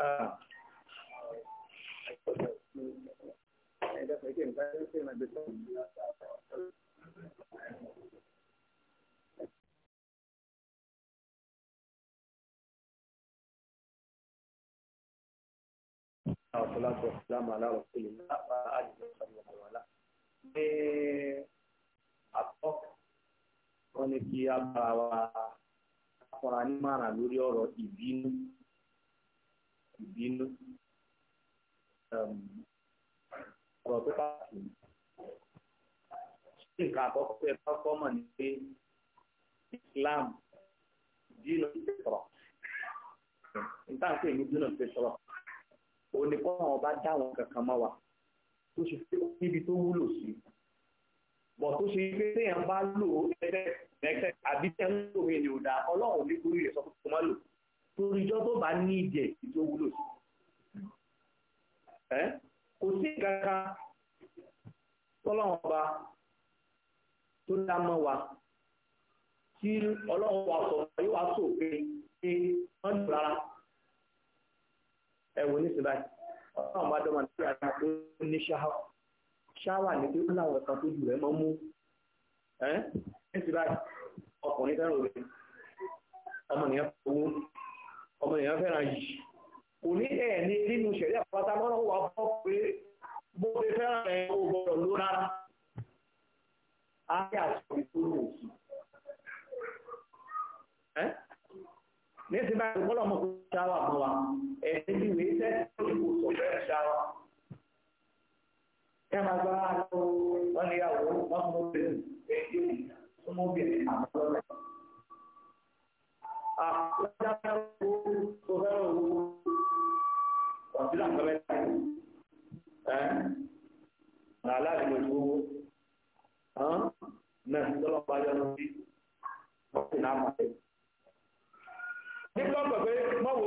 والصلاة والسلام على رسول الله وآله وصحبه ومن والاه. Àkọ́ wọn ni kí a bá wa fúnra ní màrà lórí ọ̀rọ̀ ìbínú ìbínú um, ọ̀rọ̀ tó pàtàkì ṣé nǹkan àkọ́kọ́ pé kọ́kọ́ mọ̀ ní pé Islam dínú ìfẹ̀sọ̀rọ̀ nígbà tí èmi dínú ìfẹ̀sọ̀rọ̀ òun ni kọ́ àwọn bá dá àwọn kankan mọ́ wa tó ṣe pé níbi tó wúlò sí bọ̀ tó ṣe pé téèyàn bá lò ó ẹgbẹ́ àbí téèyàn ń lò mí ni ò dáa ọlọ́run ní orí rẹ̀ sọ fún mi má lò ó torí ìjọ tó bá ní ìdẹ̀ tó wúlò sí kò sí kankan tọ́lọ́wọ́n ọba tó dá mọ́ wa tí ọlọ́run wa sọ yóò wá sọ pé pé wọ́n dùn rárá ẹ̀wò nísìnyí báyìí ọlọ́run bá dọ́mọ sí ara tó ní ṣáwà ṣáwà ní pé ó láwọn ẹ̀ka tó jù rẹ̀ mọ́ mú ẹ́ nísìnyí báyìí ọkùnrin fẹ́ràn obìnrin ọmọ nìyẹn fowó ọmọ èèyàn fẹ́ràn yìí kò ní ẹ̀ ní nínú ṣẹ̀rí àpáta mọ́nà wà bọ́ pé bó ṣe fẹ́ràn ẹ̀ ó gbọ́dọ̀ ló rárá ayé àti ìtòlù òsì ní ti báyìí kọ́lọ̀ mọ̀ kó ṣáwà mọ́ wa ẹ̀sìn bí wèé tẹ́ ìkó sọ bẹ́ẹ̀ ṣáwà ẹ máa gbá àwọn wọn níyàwó wọn fún obìnrin fún obìnrin àbúrò rẹ̀ àpọ̀já tó fẹ́ràn owó kọ̀ǹtínà kọ́lẹ́ ẹ̀ aláàbí mo ti owó náà tọ́lọ́ pàjọ́ ló sí ọ̀sìn náà máa tẹ̀. nípa pẹ̀pẹ́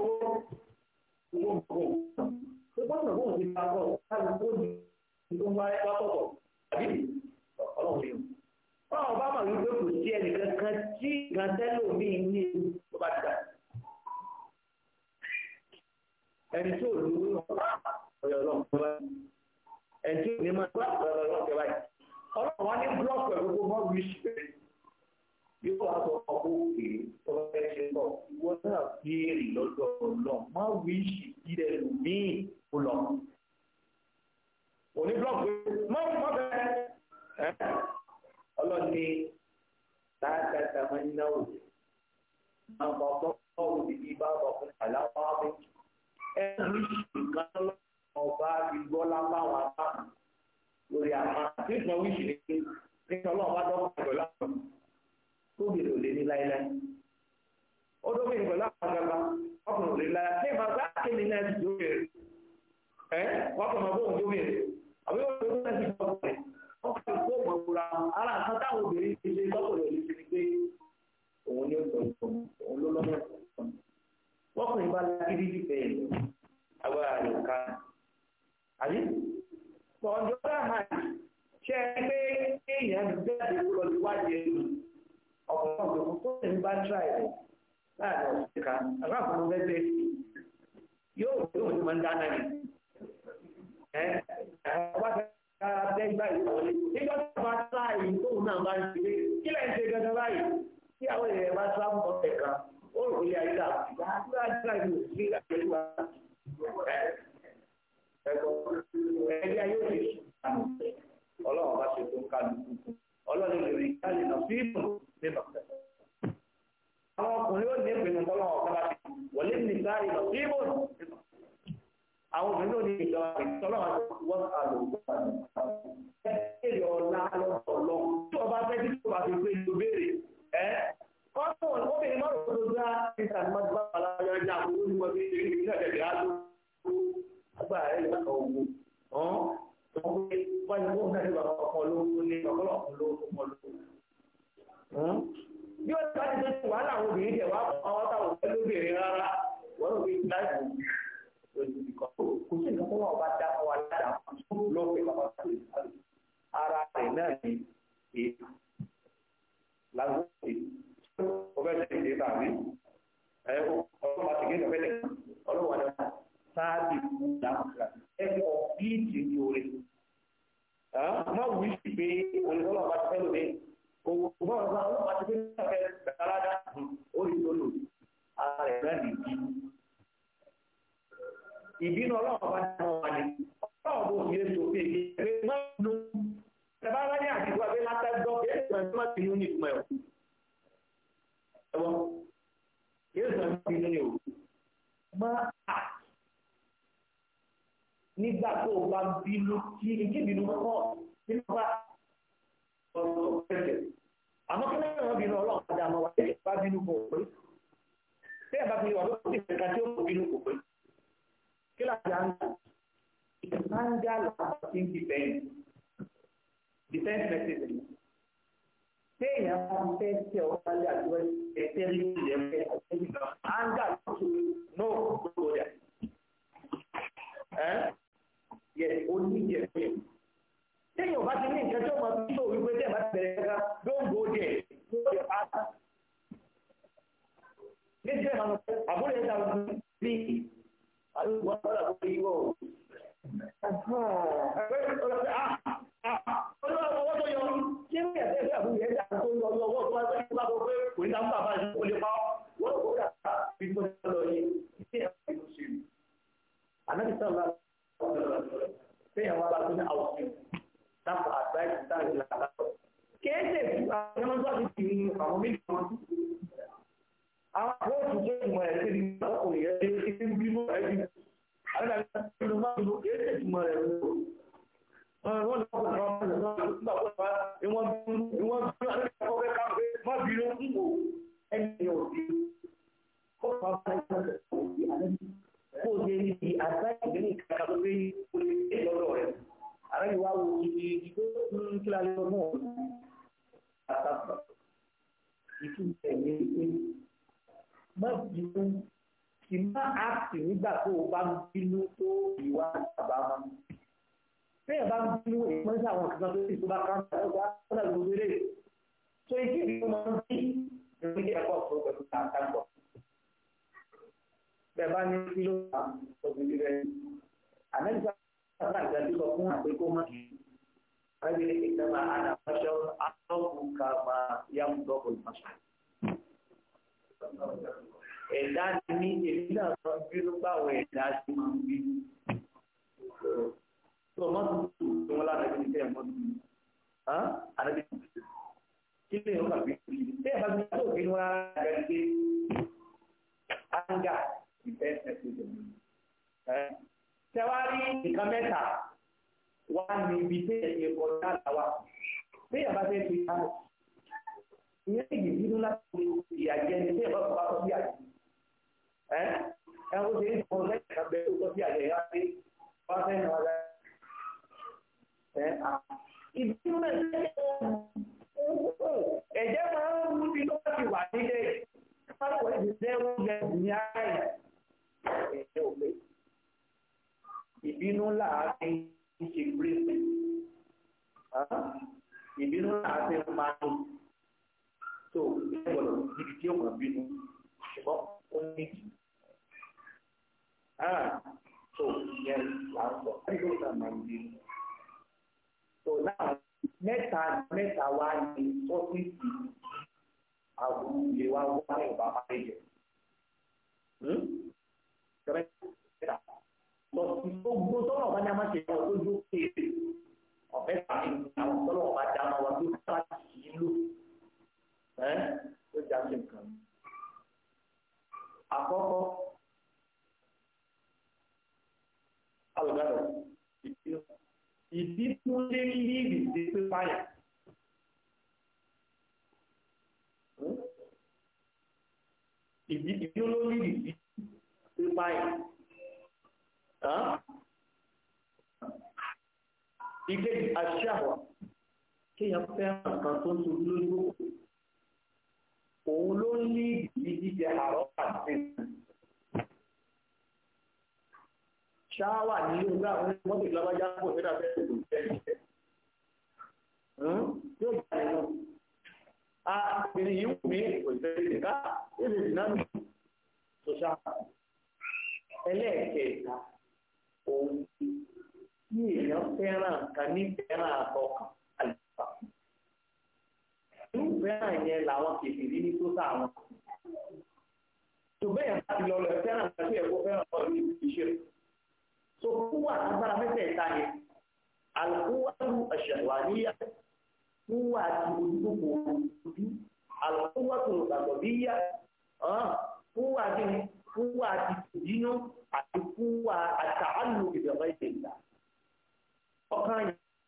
báwọn bá mọ̀ wípé kò sí ẹnìkan kan tí nǹkan tẹ́lò míì ní ewu tó bá dà ẹni tí ò lówó ọ̀yọ̀ ọlọ́run tó bá ẹni tí ò ní máa gbá ọ̀yọ̀ ọlọ́run tó bá yìí ọlọ́run wá ní blọọkù ẹ̀ gbogbo mọ́ wíṣí pé yóò wá sọ ọkọ̀ òkè tó bá fẹ́ ṣe lọ ìwọ náà béèrè lọ́dọ̀ ọlọ́run má wíṣí ìdẹ lòmíì kó lọ òní blọọkù má bẹ́ẹ̀ ọlọ́ni láti àtàwọn ìnáwó àwọn ọ̀pọ̀ òdìdí bá ọ̀pọ̀ àláwọ̀ ọ̀pọ̀ ẹ̀rù nǹkan ọba ìgbọ́ lápáwọn apá lórí apá tí ìtàn wíṣì ní pé nígbà ọlọ́run bá dọ́kọ̀ pẹ̀lú àwọn tóbìrì ò lé ní láéláé ó dóbìrì pẹ̀lú àwọn ọ̀gá ọkùnrin ò lé láéláé ní ìbá sáà kéde náà ti dóbìrì ẹ wọ́n kọ̀ mọ́ bóun dóbìrì àbí ó lè ọkùnrin tó mọ̀ wúra ara nǹkan táwọn obìnrin ti ṣe lọ́kùnrin òní ti gbé òun ní ọ̀sán ìfọ̀n òun ló lọ́nà ìfọ̀n lọ́kùnrin bá lágídí ìfẹ́ ìlú agbára rẹ̀ ká àbí ọjọ́ dáhà ṣe é pé kéèyàn jáde lọ síwájú ẹ̀rù ọ̀pọ̀ ọ̀dọ̀ tó ń bá tíráì rẹ̀ láàrin ọ̀sẹ̀ kan aláàbò ló fẹ́ yóò yóò máa ń dáná ni ẹ̀ ẹ̀ wá fẹ́ kára tẹ́gbà ìwọlé nígbà tó bá sáàyè tóun náà bá ń ṣe kí lẹ́yìn ṣe gangan báyìí tí àwọn èèyàn bá sáàmù ọ̀fẹ́ kan ó rò lé ayé dà bá sáà ní òsì àjẹlú wa ẹgbẹ́ ayé òsì ọlọ́run bá ṣe tó ń kálu ọlọ́run lè rí káàlì náà sí ìbùn ní bàtẹ́ àwọn ọkùnrin ó ní ìpinnu tọ́lọ́wọ́ kọ́lá wọlé nìkan ìlọ sí ìbùn ní bàtẹ́ àwọn obìnrin náà ní ìjọba ìtọ́lọ́ àti wọ́n àlò ìjọba èrè ọ̀la lọ́pọ̀lọ́ tí ọba fẹ́ kí tó bá fi pé ìlú béèrè ẹ́ kọ́tù obìnrin máa ń rò tó dá níta ní máa bá aláyọ̀ ẹja àwọn olùkọ́ bí ìdílé ìdílé ìdílé ìdílé àlọ́ agbára ẹ̀ lọ́kà ogun ọ̀hún wọ́n pé báyìí wọ́n náà ní bàbá ọkọ̀ olówó ní ọ̀kọ́lọ̀ ọ̀kọ̀ olówó bí wọ́n ti bá ti tó wàhálà àwọn obìnrin jẹ̀ wá àwọn táwọn olóbìnrin rárá wọ́n ló fi lójú ìkọ́ kò sí nǹkan tó wà bá dá wa dára tó lọ́ọ̀fẹ́ bàbá tó lè sáré ara rẹ̀ náà ni èèyàn lágbóòsè ọbẹ̀ tẹ̀ ṣe tàbí ọlọ́wà ti gé ìjọba ẹ̀dẹ̀ ọlọ́wà ni sáàbì ìgbà ẹ̀kọ́ bíìtì ní orí. má wí sí pé olùkọ́lọ́ bínú kí ní kí bínú àti sọ fún àgbékó mọ́ kí wáyé ìjọba àdàpọ̀ṣọ́ atọ́kùn ká máa yá mú dọ́kọ̀ ìmọ̀ṣà. ẹ̀dá ni èmi náà sọ bínú báwo ẹ̀dá sí máa ń bí. tó mọ́ tuntun tí wọ́n lára ẹni tẹ́ mọ́ tuntun. àdàbí kí lè ń bí tẹ́ ẹ bá mi tó bínú rárá ẹ̀dá ṣe ánga ìfẹ́ ẹ̀sẹ̀ tó jẹ̀ mí. tẹ́wárí nǹkan mẹ́ta wá ní ibi tí ẹ̀yẹ kọjá àláwà bí ẹ̀yà bá fẹ́ fi ká ìyẹn èyí nínú láti ìyàjẹ ni bí ẹ̀yà bá fọ́ bá tọ́ sí àjẹ ẹ̀ ẹ̀ ó ṣe é sọ lẹ́yìn kan bẹ́ẹ̀ tó tọ́ sí àjẹ yá pé wá fẹ́ nà ọ́lá ẹ̀ à ìbínú náà ṣe ẹ̀jẹ̀ máa ń mú bí tó bá ti wà nílé káwọn ìdílé oúnjẹ ní àárẹ̀ ẹ̀jẹ̀ òwe ìbínú làá fi ń ṣe bírísì ìbínú náà ṣe ń pa ní tó ìbínú gbọdọ̀ níbi tí ó kàn bínú ṣùgbọ́n ó ní jù tó yẹ làásọ ẹgbẹ́ òkà máa ń bínú tó náà mẹ́ta mẹ́ta wá ní sọ́fíìsì àbúrò lè wá wá ní ọba máa ń jẹ gbogbo tọ́lọ̀ bá dáná ṣe wọ́n lójú kéèrè ọ̀fẹ́ sàmì àwọn tọ́lọ̀ bá dáná wọn lójú káàkiri nílò ẹ́ ló já sí nǹkan. àkọ́kọ́ alùpàdé ìdí tó lé líìrì sí pípa yẹn. ìdí tó lé líìrì sí ìkejì àṣàwà kéèyàn fẹ́ràn kan tó ń tu lójú òun ló ń lé ìdí jíjẹ àárọ̀ àti ṣáwà ní ilé ìgbà àwọn mọ́tò ìlàbájá pò nígbà fẹ́ẹ́ tó jẹ́ ìṣẹ́ yóò jẹ́ òun ti ní èèyàn fẹ́ràn kan ní fẹ́ràn àtọkàn àlùfà. ìfẹ́ràn yẹn làwọn kèfèrí ní tó sá àwọn. ṣùgbọ́n ẹ̀ka ti lọ lọ fẹ́ràn kan tó yẹ kó fẹ́ràn kan ní ìṣe. so kúwà agbára mẹ́tẹ̀ẹ̀ta yẹn alùpùpù àṣàwà níyà kúwà ti ojúkòkò ojú alùpùpù àṣàwà níyà kúwà ti fúwà àti ìdínú àti fúwà àtàánù ìjọba ìdèlà ọkàn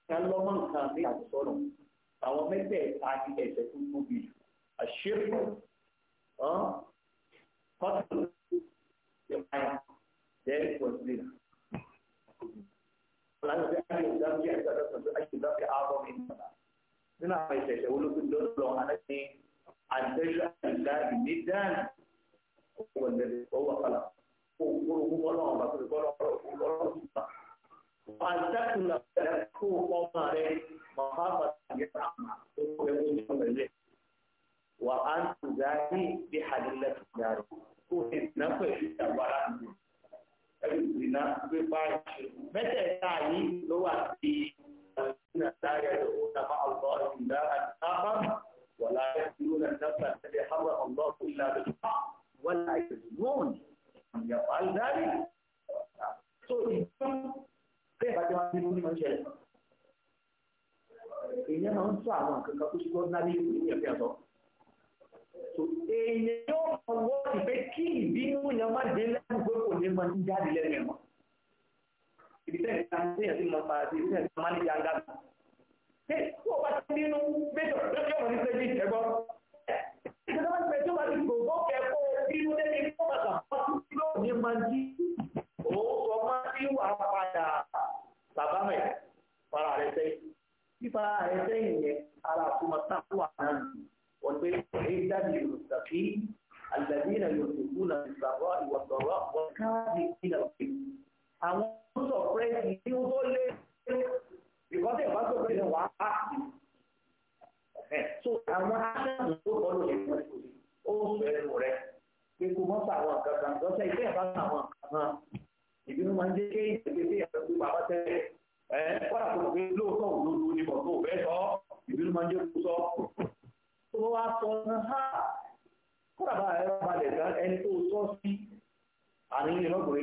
yẹn lọ́mọ nǹkan bí àtúntọ́nù àwọn mẹ́tẹ̀ẹ̀ta ni ẹ̀ṣẹ̀ tó tóbi jù àṣírí kọ́tù ìpáyà jẹ́ ìpọ̀sílẹ̀. Láti ṣe àyè ìdájọ́ ẹ̀ka lọ́sọ̀tún àyè ìdájọ́ ààbọ̀ mi nígbà. Nínú àwọn ìṣẹ̀ṣẹ̀ olókùn lọ́dọ̀ àdáṣe àdáṣe àdáṣe ní هو الذي هو خلق وقولوا هم الله ما تقول الله وأن تكون لك قوم عليه مخافة يسعى وأن تزاهي بحليلة النار كوهد نفس الوران ẹgbẹ̀rún gbígbá ìṣe mẹ́tẹ̀ẹ̀ta yìí ló wà sí ìrìnà táyà ìròyìn nàbà ọ̀gbọ́ ìlà àti sábà wọ̀lá ẹ̀dúró nàìjíríà tẹ̀lé hábà ọ̀gbọ́ ìlà lójú. ولا يزنون من يفعل so ìgbọ́n bẹ́ẹ̀ bá jẹ́ wọn nínú onímọ̀ ìṣẹ̀lẹ̀ èèyàn máa ń sọ àwọn nǹkan kan tó ṣe gbọ́dọ̀ náà ní ìpínlẹ̀ ìpínlẹ̀ so èèyàn yóò mọ wọ́n ti pé kí ìbínú yẹn má dé lẹ́nu pé kò ní máa ń jáde lẹ́nu ẹ̀mọ́ ibi tẹ́ẹ̀ ní àwọn èèyàn ti mọ pa àti ibi tẹ́ẹ̀ ní máa ń di àga mi ṣé kí o bá ti bínú gbẹ́jọ́ lọ́jọ́ wọn ní sẹ́yìn ẹ̀gbọ́n ẹ̀ẹ́dẹ́gbẹ́jọ́ wọn ti gbogbo bí ló lé ní pọ́kàtà pọ́tù tí ó ní máa jí òun sọ máa tí wà padà bàbá mẹ́ fara rẹ̀ sẹ́yìn fífara rẹ̀ sẹ́yìn yẹn ara àtúmọ̀ sáfù àná wọ́n pé èyí dábì olùsàkí àgbàdìrà yóò tẹ̀kú náà ìgbàgbọ́ ìwọ̀sọ̀rọ̀ wọ́n káàdì ìdílà òkè àwọn tó sọ fẹ́ẹ̀sì tí ó tó lé ìkọ́sẹ̀ ìbáṣọ̀rọ̀ yẹn wà á so àwọn aṣáájú tó kọ́ lóde ìwọ̀n ìkòsí ó ń sọ ẹnu rẹ̀ pé kó mọ́ sàwọn nǹkan kan lọ́sẹ̀ ìfẹ́ ẹ̀ bá sàwọn nǹkan kan ìbínú máa ń jẹ́ kí ìgbésẹ̀ ìyàtọ̀ tó bàbá tẹ́lẹ̀ ẹ̀ kọ́dà tó pé lóòótọ́ òdodo ni bọ̀ tó bẹ́ẹ̀ sọ ìbínú máa ń jẹ́ kó sọ. tó wá sọ náà ha kọ́dà bá ẹ̀rọ balẹ̀ gan ẹni tó sọ sí àníyàn lọ́gbọ̀n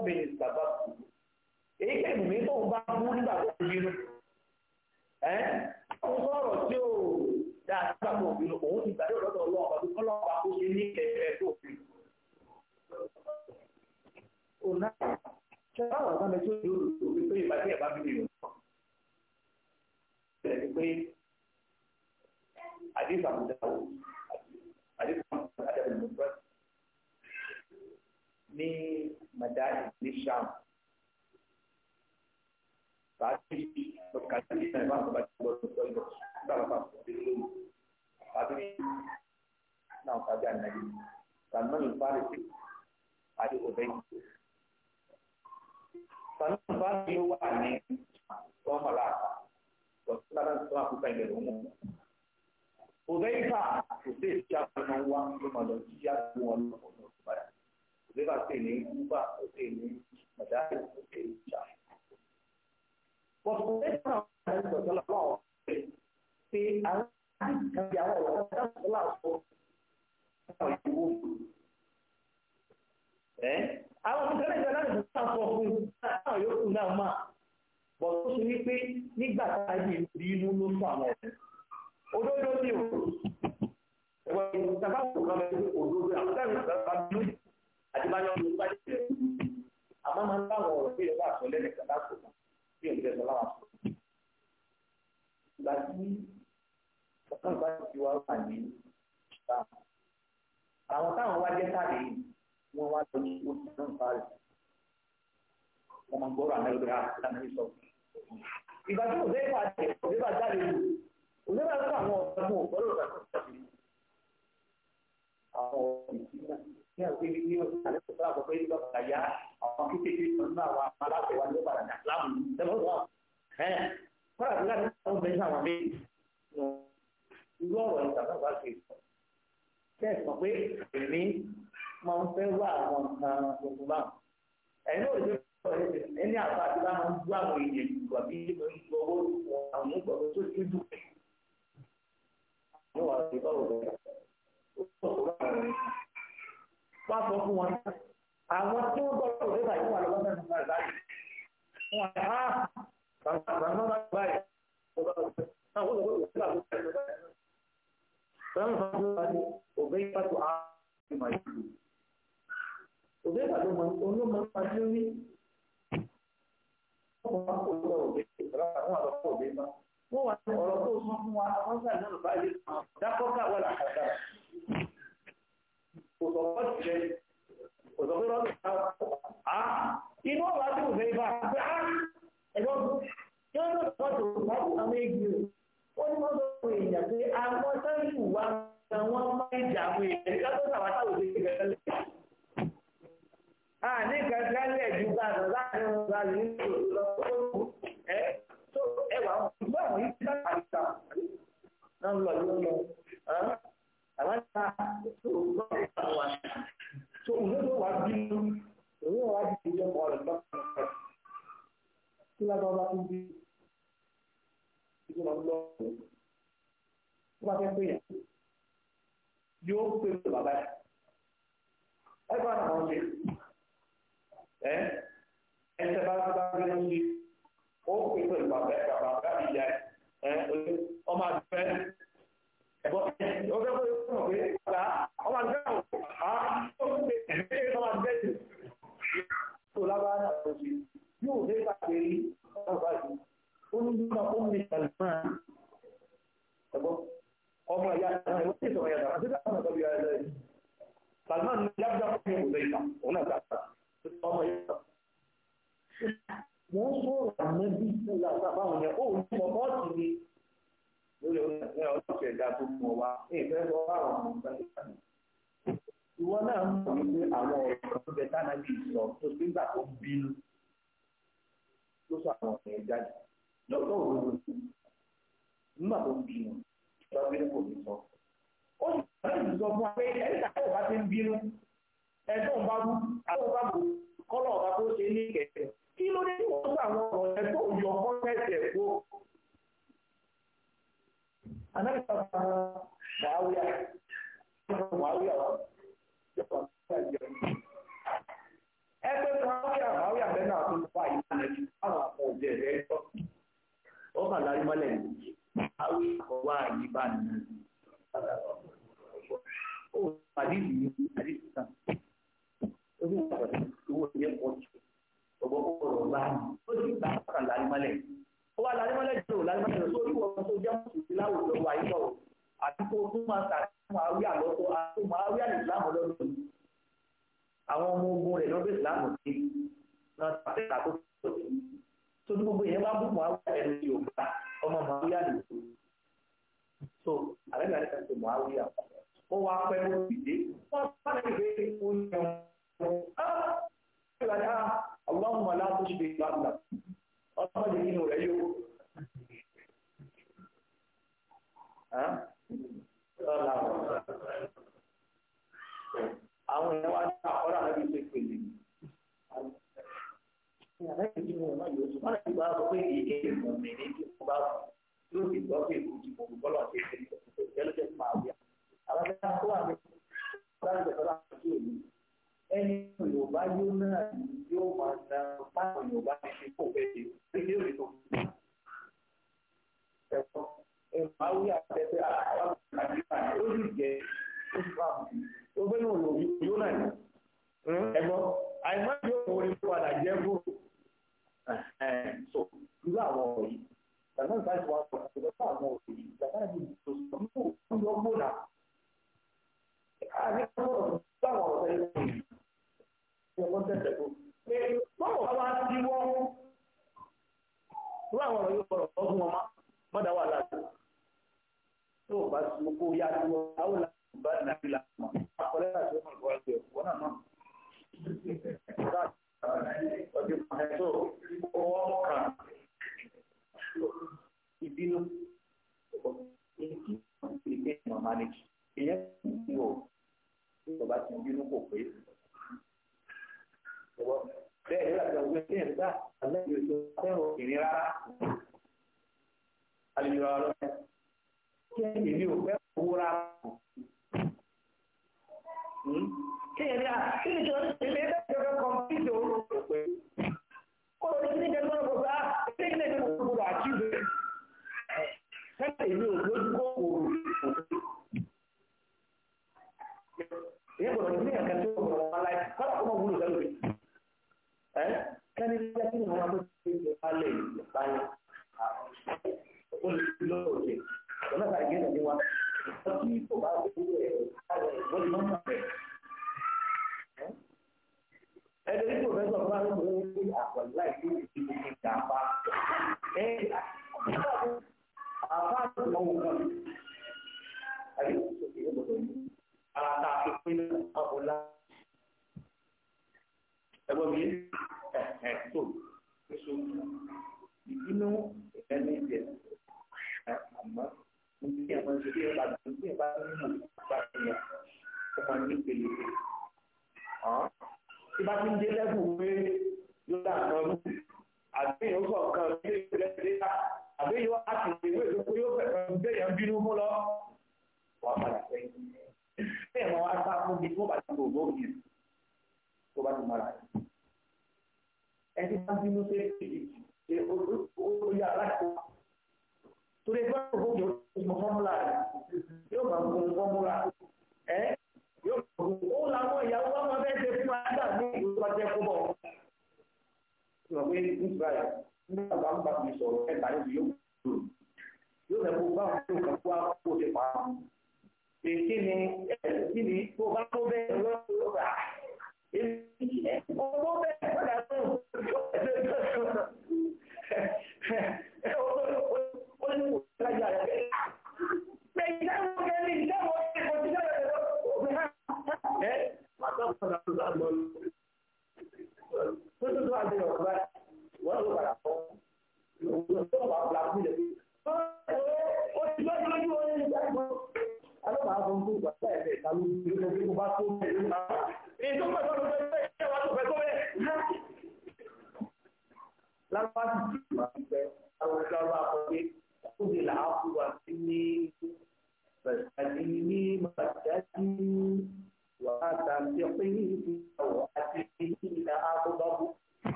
mọ́bìnrin bàbá kù èyí kẹ́mi mi tó ń bá mú nígbà tó ń bínú sọ̀rọ̀ tí ó bínú òun ti gbàdúrà lọ́dọ̀ ọlọ́ọ̀pá tó kọ́ lọ́ọ̀pá tó ṣe ní kẹ̀kẹ́ tó fi. ọ̀nà ṣe báwọn ọ̀gá mi tó yóò lò ó pé ìbàdí ẹ̀ bá mi lò. bẹ́ẹ̀ ni Madani ní Sham. Bàbá yìí lọ kàdé ní ẹ̀rọ àwọn bàbá tó lọ sọ ìlọ sábà bá fún mi lórí. Bàbá yìí náà sábà ànáyé. Salman al-Farisi àti Obeyi. Salman al-Farisi ló wà ní Sọ́mọ̀lá. Bọ̀dé bá tó wà fún ìbẹ̀rẹ̀ òun. Obeyi fà kò sí ìṣàkóso wọn wá ló máa lọ ìyá tó wọn lọ́kọ̀ọ́ lọ́kọ̀ọ́ lébà pè ní uber ó pè ní mọ̀dáì ó pè ní ìjà. bọ̀dùkú lẹ́yìn náà wọ́n ń sọ̀tọ́ lọ́wọ́ àwọn ọ̀rẹ́ pé àwọn àìkàbí àwọn ọ̀rọ̀ kan dáhùn sọ́lá sọ àwọn ìdíwọ́. àwọn ọmọ ìṣẹ̀lẹ̀ ìṣẹ̀lẹ̀ láti sọ sọ fún àwọn yòókù náà mà bọ̀dùkú sọ wípé nígbà tá a yìí rí inú ló sọ ni àdébáyọ̀ ló bá dé àmọ́ máa ń bá àwọn ọ̀rọ̀ bí ìwà àṣọ lẹ́nìkan láàpò bí òun tẹ̀sán láwọn àṣọ. ìgbà tí ọ̀sán ìgbà tí wàá wà ní ìgbà àwọn táwọn wá jẹ́ sáàdé yìí wọ́n wá lọ sí oṣù náà ń parí. wọ́n máa ń gbọ́rọ̀ àná ìgbà láti sọ. ìgbà tí òde bá jẹ òde bá jáde lù òde bá sọ àwọn ọ̀rọ̀ fún òkú ní àwọn ìdílé ní ọdún àlẹ́ tó sábà pé nígbà bàyá àwọn kékeré nínú àwọn aláṣẹ wa ló padà dà láàmú lẹ́wọ̀n wà ẹ̀ kọ́ra tó láti fún ọmọ ẹ̀ṣin àwọn méjì irú ọ̀rọ̀ ìtàkùn àgbà ṣe sọ kẹ́ẹ̀ sọ pé èmi máa ń fẹ́ wá àwọn nǹkan tuntun bá ẹ̀yin náà ló sọ ẹni àbá tí bá máa ń gbọ́ àwọn èèyàn ìgbà bí owó àwọn ìgbà tó ti dùn àwọn àwọn ìgbà òbẹ̀rẹ̀ ó sọ̀rọ̀ wá sọ fún wọn àwọn tí wọ́n gbọ́dọ̀ òde báyìí wà lọ́wọ́ náà nípa ìbáyìí wọn á bàbá bàbá bá báyìí bàbá náà wọ́n sọ pé òde bàbá bá báyìí bàbá náà sọ pé òde bàbá báyìí àdìsí yìí sàn. lè lè báyọ̀.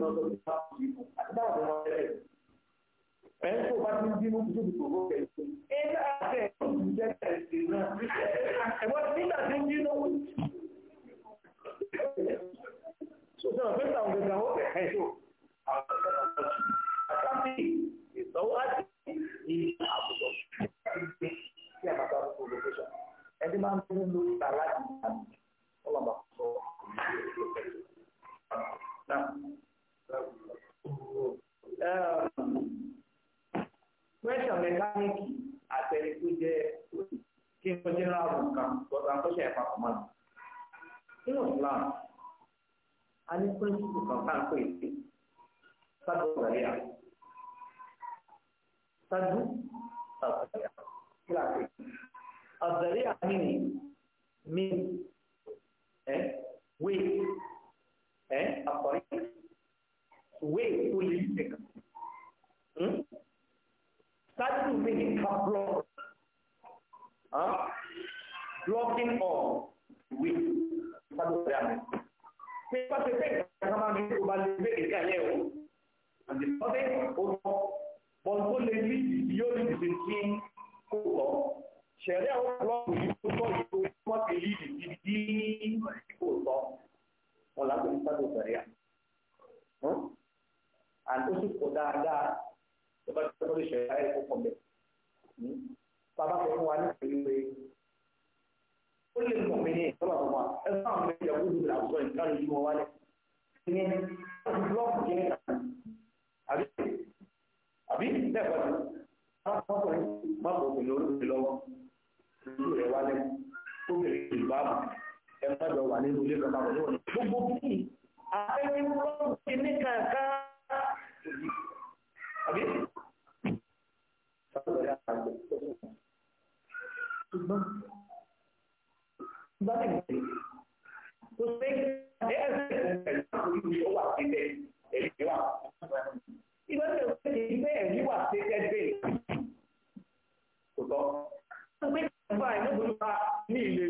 ní ọjọ́ ìgbà àti báwọn ọmọ ẹ̀rẹ́ ẹ̀ ń tó bá ti ń bínú tó ti kòkó kẹ̀ ẹ̀ ń àti ẹ̀kọ́ ìjẹ́ ẹ̀sìn náà ẹ̀wọ́n nígbà tí ń bínú sọ̀tọ̀ fẹ́ta àwọn gẹ̀gẹ̀ àwọn ẹ̀kẹ́ tó àkáǹtì ìsanwó àti ìyí àbùdọ̀ tí a bàbá fún olùkọ́ṣà ẹni máa ń tún lórí tààrà ní sùkúrù kan tá ń pè é sábà wàlẹ́ àti.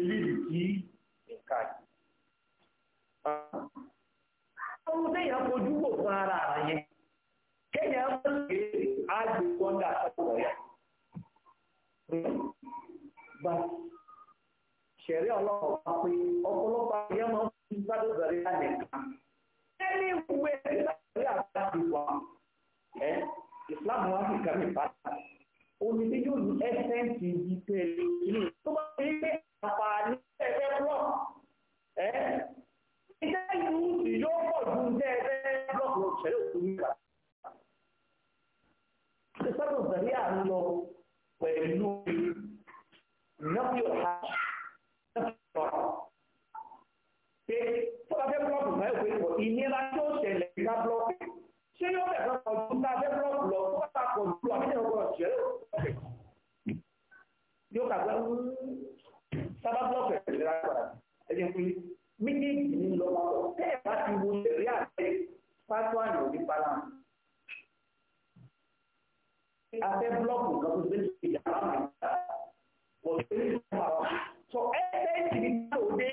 lílìkì nǹka yìí. Àwọn téèyàn fojú wò fún ara rẹ̀ yẹn, kéèyàn máa ń gbé àgbè kọ́ńdà sọ̀rọ̀ yẹn. Bá ṣẹ̀rí ọlọ́run wá pé ọ̀pọ̀lọpọ̀ àyẹ̀ máa ń fi gbádùn bẹ̀rẹ̀ lálẹ́ kan. Ẹni ìwé ìgbàgbé àgbàdo wa, ìsìláàmù wá sì kàmí ìbátan. Omi tí yóò ní ẹ́sẹ̀ǹtì ìdí tẹ̀lé ìlú tó bá ṣe é àǹfààní ẹgbẹ́ block ẹ́ iṣẹ́ ìlú sì yóò pọ̀ ju iṣẹ́ ẹgbẹ́ block lọ ṣẹlẹ̀ òkú nígbà. ìṣẹ́gun ìgbàlẹ́ àrùn lọ pẹ̀lú nọ́pìọ̀ ha nọ́pìọ̀ pé tó bá fẹ́ blọ́ọ̀kù náà pé ìnira tó ṣẹlẹ̀ ká blọ́ọ̀kù ṣé yóò bẹ̀rẹ̀ ọdún tá a fẹ́ blọ́ọ̀kù lọ tó bá pọ̀ ju àbíyẹ̀wò ọ̀ṣẹ́ yóò sábà blọọkì ẹ̀jẹ̀ lágbára ẹ̀jẹ̀ pé méjèèjì ní lọ tẹ́ ẹ̀ bá ti wo ẹ̀rí àti pátó àná ní pálá. afẹ́ blọọkì kan tó gbé ní ìjà láwọn ìjà wọ́n ti ní ìjà wọn. sọ ẹsẹ̀ ti ní káwọ́dé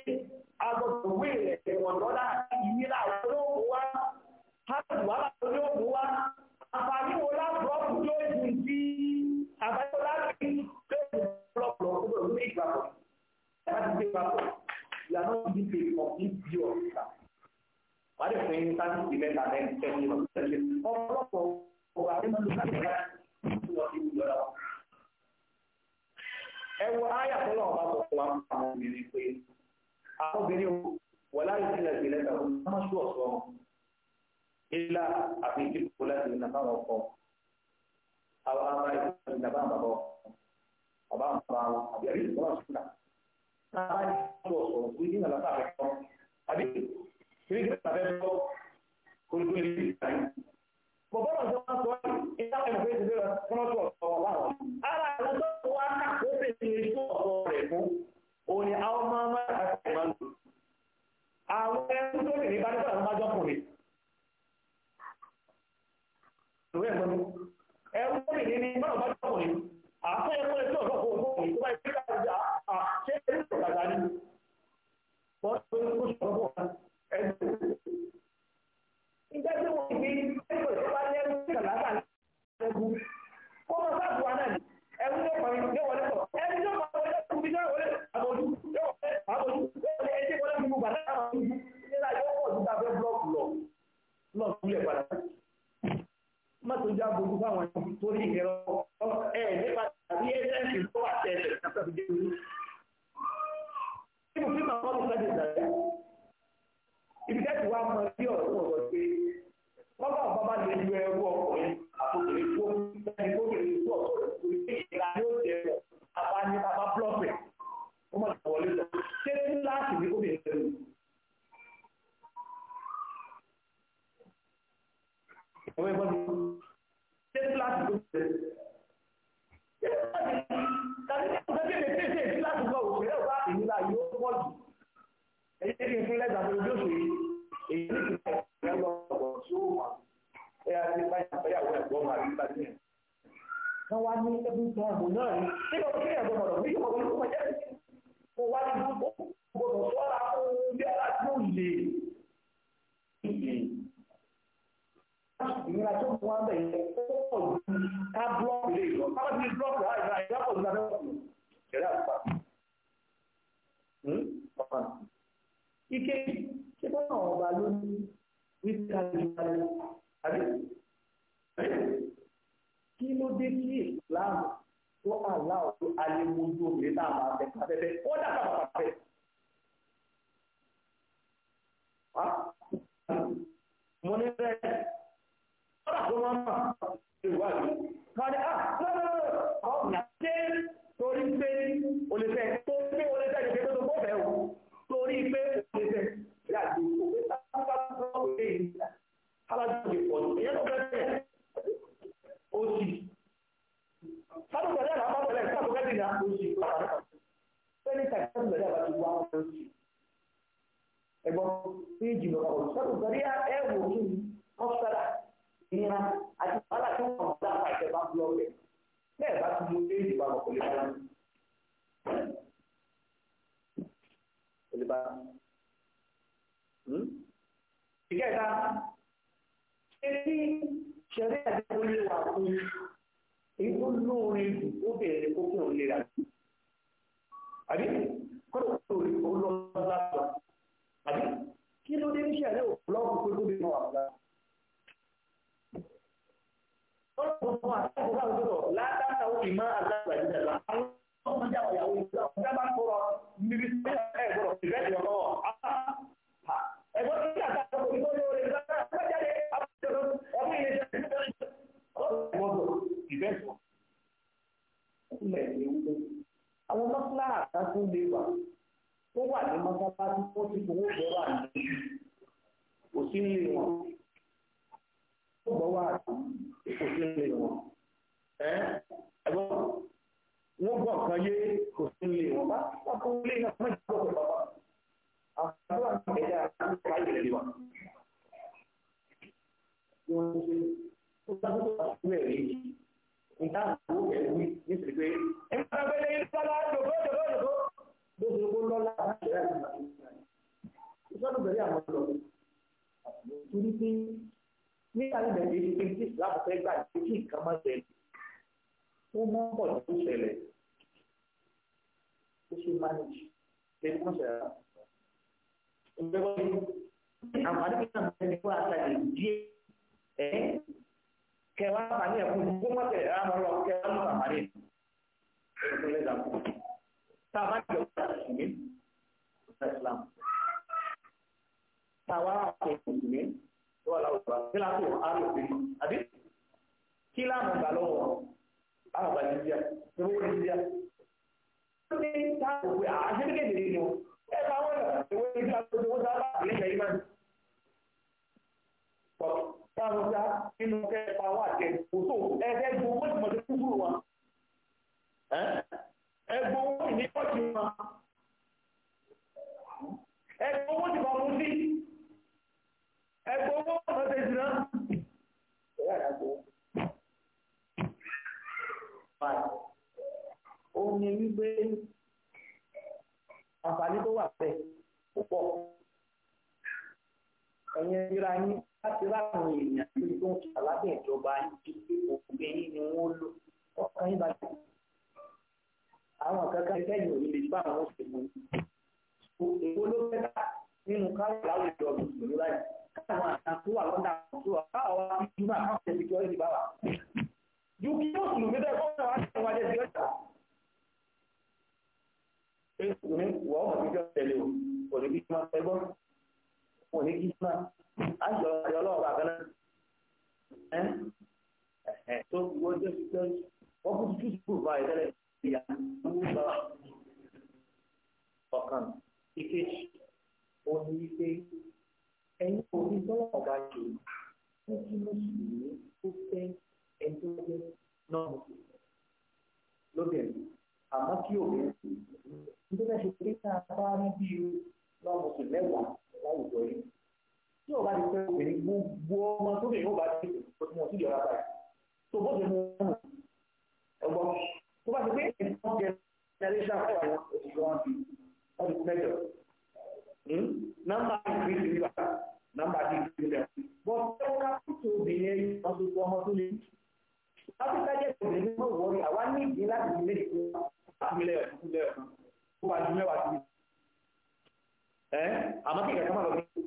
agbọ̀dọ̀ wé rẹ̀ wọ̀n lọ́dà ìnira olóògùn wa hàtù wàhálà olóògùn wa àǹfààní wo lábúrọ́ọ̀kù yóò dùn sí àbáyọ̀ láti tó ìgbà lọ́pọ̀lọpọ̀ láti gbé papọ̀ ìlànà ìdí pé ọ̀gbìn bí ọ̀gá wàá lè fún yín sáàtì sí mẹ́ta mẹ́rin tẹ́lẹ̀ lọ tẹ́lẹ̀ ọ̀pọ̀lọpọ̀ ọ̀gá tó máa ń lo sáàtì mẹ́ta tó lọ sí ìjọba wọn. ẹ wo áyà tó lọ́wọ́ bá sọ fún wa àwọn obìnrin pé àwọn obìnrin wọ láyé sílẹ̀ sílẹ̀ tàbí wọ́n máa ṣú ọ̀ṣọ́ wọn. ilá àfi ìdíkù láti ní nàbà wọn kọ àwọn ará ìdíkù ní nàbà wọn bàbá wọn bàbá wọn bàbá wọn àbí àbí ìdíkù wọn sùn náà sábà ní ọ̀rọ̀ ọ̀rọ̀ pé ní àlàkà rẹ̀ kọ́ àbí kiri kiri àfẹ́ bọ́ olùdó ilé ìgbà yìí. bọ̀bọ́ náà sọ wọn sọ wọn ìta ẹ̀mọ̀ pé ìdílé wọn kọ́ sọ ọ̀rọ̀ láwọn. ara àwọn tó ń wá kó fè ní ìṣó ọ̀rọ̀ rẹ̀ fún òní àwọn máa máa àti ìmọ̀ lò. àwọn ẹni tó lè ní bá nípa àwọn máa jọkùnrin. lórí ẹ̀rú tó lè bá bàtà ni bọ́ọ̀lù tó sọ̀rọ̀ bọ̀ ẹni tó lóore jù ó bẹ̀rẹ̀ kó fún òun lè rà jù àbí kọ́dọ̀ kó lóore kó lọ lọ́dọ̀ àbí kí ló dé níṣẹ́ àlẹ́ òkú lọ́wọ́ pé kó lè mọ àbúrò kọ́dọ̀ kó fún àtẹ́kọ̀ọ́ bá gbọ́dọ̀ látàkà ó fi máa àgbàgbà ìjà lọ àwọn ọmọdé àwọn ìyàwó ìjà ọ̀gá bá ń kó lọ níbi tí ẹ̀ gbọ́dọ̀ ìbẹ́ ìjọba ẹ̀gbọ́n kúlẹ̀ ní wúlò àwọn mọ́sálà àtàkùn lè wà tó wà ní mọ́sálà tí ti fowó bọ́ wà ní kò sí nílé wọn ó gbọ́ wà ní kò sí nílé wọn ẹ ẹgbọ́n wọ́n gbọ́ nǹkan yé kò sí nílé wọn bá wọ́n tó lé náà wọ́n jẹ́ ọ̀pọ̀ bàbá àwọn àti ẹ̀dá àti ẹ̀dá ìlẹ̀ wa wọ́n ń ṣe ó dájú tó wà sílẹ̀ rí níta àwọn ẹ̀rù nítorí pé ẹ̀ka bẹ́ẹ̀ ní sọ́lá dòdò dòdò dòdò bó ṣe kó lọ́lá láti rẹ̀ àti ìṣọ́nù bẹ̀rẹ̀ àwọn ọ̀dọ́ torí pé ní àlùbẹ̀ yìí ti fi ìsìláàmù fẹ́ gbà pé kí nǹkan má ṣẹlẹ̀ fún àtàlẹ̀ díẹ̀ ẹ̀ kẹwàá sàmì ẹ̀kú kó mọ́ tẹ̀lé rárá lọ kẹwàá ló sàmárì ẹ̀kú lẹ́dà kú tàbá jọ mùsùlùmí islam tàwa àti mùsùlùmí tó wà láwùjọ kí láti wọ àrùn òfin àbí kí láàmù gbà lọ́wọ́ àwọn àgbà nìjíríà tó wọ́n nìjíríà tó ní táwọn òwe àṣẹ́bíkẹ́ ìdèrè ni ó ẹ̀ bá wọ́n lọ ìwé ìgbà tó wọ́n sábà àbílẹ̀ táwọjá nínú kẹfà wà jẹ òtò ẹgbẹ́ gbowó ìmọ̀lẹ́ kúkúrú wa ẹgbẹ́ owó ìní ọ̀jì wa ẹgbẹ́ owó ti bàbá sí ẹgbẹ́ owó ọ̀sẹ̀ jìnnà ẹ̀yà àgbò ó ní wípé àǹfààní tó wà bẹ́ẹ̀ púpọ̀ ẹ̀yin ẹ̀yìn ra yín láti ráwọn èèyàn tó ń kí alábẹ́ ìjọba yìí pé òkùnkùn yìí ni wọ́n lò ọkàn yín balẹ̀. àwọn kankan lẹ́yìn òní lè bá àwọn oṣù mú èwo ló fẹ́ ká nínú káwọn àwùjọ mùsùlùmí láyé káwọn àtàn tó wà lọ́dà tó wà káwọn wá bí júmọ̀ àkáwọn ṣe fìkì ọ́yìn bá wà. ju kí mùsùlùmí bẹ́ẹ̀ kọ́ wá sí wájú ẹgbẹ́ ọ̀tà. èsì mi wọ́n mọ̀ sí jọ́ tẹ̀lé o kò ní kí jùmọ̀ ẹgbọ́n kò ní kí jùmọ̀ á yọ ayọ̀ lọ́wọ́ bàbá náà ẹ́ ẹ̀ tó wọ́n jẹ́ sí pé wọ́n kú tútù sùkúrù báyìí tẹ́lẹ̀ ìyá owó sọ́ra ọ̀kan ìkejì ó ní wípé ẹ̀yin kò ní tọ́wọ́ ọ̀gá ṣe ó kí mùsùlùmí ó fẹ́ ẹni tó jẹ́ náà mùsùlùmí lóbìnrin kí òbí nítorí ẹ̀ṣẹ̀ pé bá rí bí lọ́mùsùn mẹ́wàá láwùjọ yìí tí o bá ti fẹ́ obìnrin gbogbo ọmọ tó bẹ̀rẹ̀ yóò bá ti fẹ́ mọ̀ sí ìjọba báyìí tó bó ṣe mú un ẹ̀gbọ́n tó bá ti pé ìfọ́n jẹ ẹlẹ́ṣà fún àwọn òṣìṣẹ́ wọn bí wọ́n ti hmm? kú mẹ́jọ. nọ́mbà ìgbé ti rí bàtà nọ́mbà ti rí bàtà bọ́ tẹ́wọ́ ká tó tó obìnrin wọn tó tó ọmọ tó lé. láti sájẹ́ obìnrin náà wọlé àwa ní ìdí láti ilé ìkó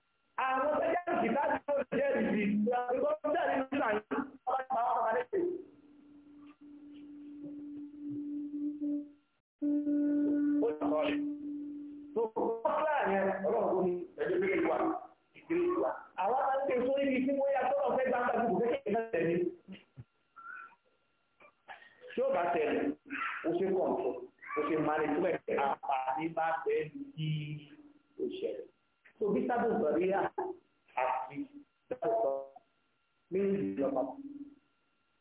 àwọn tó jẹ́ ìgbà tí ó jẹ́ ìdí ìgbà tó jẹ́ nínú ìlànà ọlọ́pàá ọlọ́pàá lẹ́sẹ̀. ó ti sọ ọ́lẹ̀ tó kọ́ láàrin ọlọ́run tó ní ẹ̀jẹ̀ pé ìwà ìdílé ìwà àwọn aláǹtẹ̀ sórí ibi tí wọ́n yà tọ́lọ̀ fẹ́ gbà gbà gbogbo fẹ́ kékeré tẹ̀lé tí ó bá tẹ̀lé ó ṣe kọ̀ǹtọ̀ ó ṣe máa lè tó ẹ̀kẹ́ àpá ní bá bẹ́ẹ̀ tó bí sábẹ̀ ìgbàlẹ́ yà àti ìgbàlẹ́ sọ méjì ìjọba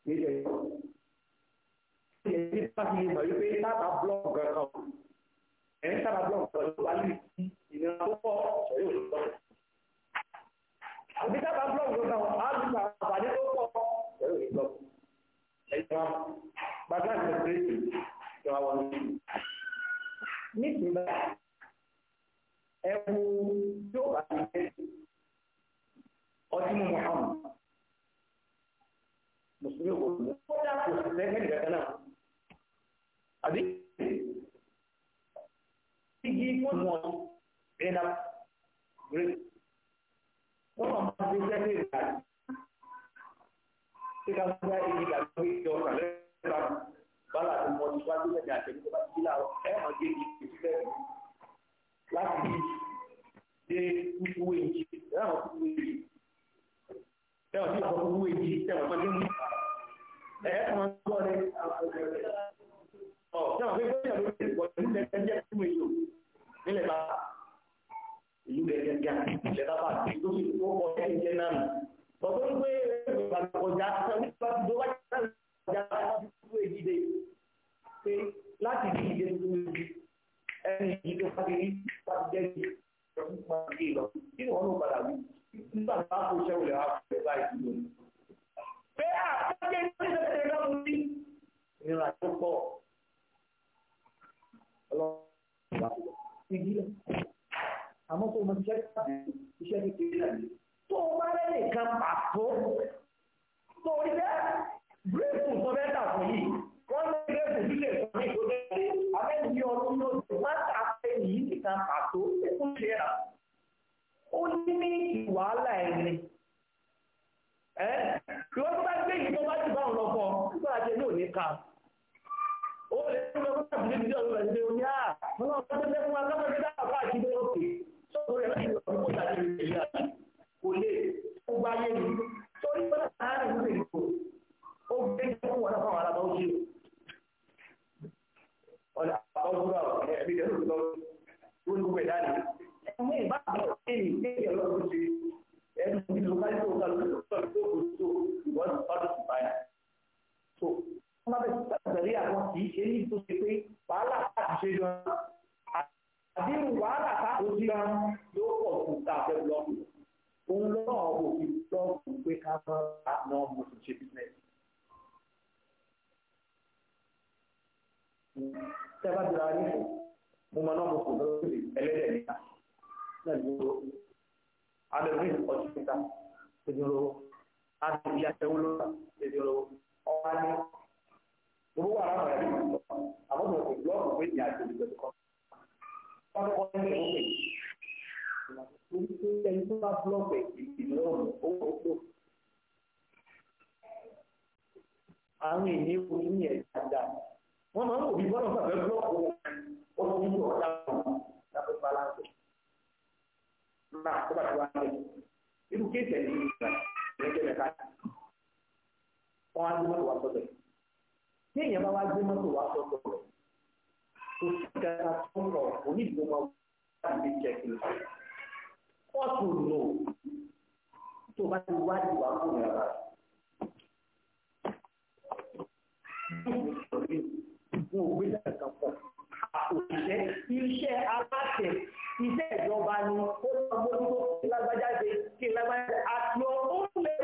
méjì ìjọba. ilẹ̀ ní pàṣẹ yìí mọ̀ wípé sábà blọọ̀kì kankan ẹ̀rín sábà blọọ̀kì kankan ló wà lè fi ìnira tó pọ̀ sọ̀rọ̀ òṣèlú. àbí sábà blọọ̀kì kankan á lè fa àǹfààní tó pọ̀ sọ̀rọ̀ òṣèlú. ẹ̀yìn wa gbàgbọ́ àti ìgbésẹ̀ ìjọba wọn ní ìgbà ẹ̀wù yóò bá ti dé ọtí mu muhammed mùsùlùmí kò lù ó dá kò sí lẹ́gbẹ̀ẹ́ nìkan náà àbí igi kò mọ̀ bẹ́ẹ̀ náà rẹ̀ wọ́n mọ̀ máa ti jẹ́ pé ìgbà tí ká gbá igi tàbí ìjọ kàlẹ́ ìgbà bá láti mọ̀ nípa tó lẹ́gbẹ̀ẹ́ àtẹ̀yìn tó bá ti jí láàárọ̀ ẹ̀ máa gé igi tó ti bẹ́ẹ̀ láti bí dé kúkúwé yìí ẹ̀rọ kúkúwé yìí ẹ̀rọ tí ọ̀pọ̀ kúkúwé yìí tẹ̀wọ̀n pẹ̀lú mú ẹ̀yẹ́ kan gbọ́ rẹ̀ ọ̀ tẹ̀wọ̀n pé gbọ́dọ̀ ló ti pọ̀ ní ilẹ̀ ẹ̀jẹ̀ kúkúwé yìí nílẹ̀ bá ìlú rẹ̀ gẹ́gẹ́ ilẹ̀ bá bá ti tó fi tó kọ́ ẹ̀jẹ̀ náà nù bọ̀dọ̀ ń gbé ọjà nípa ti tó wájú láti ìdí ìdè ẹni yìí tó bá kiri bá jẹ́ jù lọ́dún tó máa gbé lọ kí ni wọ́n ló padà wù nígbà tó bá kó iṣẹ́ wò lè wá fún ẹ báyìí lónìí. pé àpájẹ́ ní ìṣẹ̀lẹ̀ náà mú sí ìrìn àjò pọ̀ ọlọ́run igi lọ àmọ́ tó mọ iṣẹ́ iṣẹ́ kékeré náà ni tó o bá rẹ́ nìkan pàtó tó rí bẹ́ẹ̀ bírèkù tó bẹ́ẹ̀ dà fún yìí wọ́n ló dé ìdílé kan ní ìgbòdè abẹ́ni ọdún ló ti má tàfẹ́ yìí nìkan pàtó fún ṣe rà ó ní ní ìwàhálà ẹni ẹ́ kí wọ́n bá gbé yìí tó bá ti bá òun lọ fọ́ nígbà tí ẹni ò ní ka ó lè fún ọgbọ́n náà fún ìdílé ọdún rẹ̀ ọgbọ́n ẹ̀mí ìdẹ́rù lọ tó ní gbogbo ẹ̀dá ni ẹ̀mú ìbáàbọ̀ ẹ̀yìn ìgbésẹ̀ ọlọ́run ṣe ẹ̀mú ìlú káyọ̀ tó kálù tó tó tó ìwọ́n ti fọ́dọ̀ sí báyà. so wọ́n bá bẹ̀rẹ̀ sàbẹ̀rí àwọn kì í ṣe ní tó ṣe pé wàhálà láti ṣe jọ àdéhùn wàhálà káàkó sí ọ yóò pọ̀ fún tàbẹ́ blọ́ọ̀kì òun lọ́wọ́ òfin blọ́ọ̀kì pé ká máa ná ọmọ òfin ṣe bísíǹnẹ̀sì tẹ́ bá dira ní fún mo máa náà mo kò lọ́wọ́ sílẹ̀ ẹlẹ́dẹ̀ níta náà ní owó adẹ̀rù ní ọjọ́ níta ẹ̀dùn lọ́wọ́ adẹ̀rù ilé aṣẹ́wó lọ́wọ́ ẹ̀dùn lọ́wọ́ ọ̀wá ní owó wà láwọn ẹ̀rí ìgbà àmọ́ mo kò lọ́wọ́ pé ìyá àti ìgbà tó kọ́ ọ̀pọ̀ ẹni tó bá búlọ́ọ̀kì ìdìlọ́ọ̀mù owó tó àwọn ènìyàn ní ẹ̀dá dáadáa wọ́n máa ń wò bí bọ́lá wọn Na ti yọ ọ̀dà wọn lábẹ́ balance. nígbà tó bá ti wá lẹ̀ irú kéèsì ẹ̀yìn ìgbà lẹ́jọ́ mẹ́ta wọ́n á gbé mọ́tò wá sọ́dọ̀ tí èèyàn bá wá gbé mọ́tò wá sọ́dọ̀ kò sí tó ń lọ onídìbò máa tó bá ti wá ìwà fún ìyàrá. wọn ò gbé kankan pọ̀ òṣìṣẹ́ iṣẹ́ aláṣẹ iṣẹ́ ìjọba ni ó sọ gbogbo tó kí lágbájá ṣe kí lágbájá àti ọ̀hún lè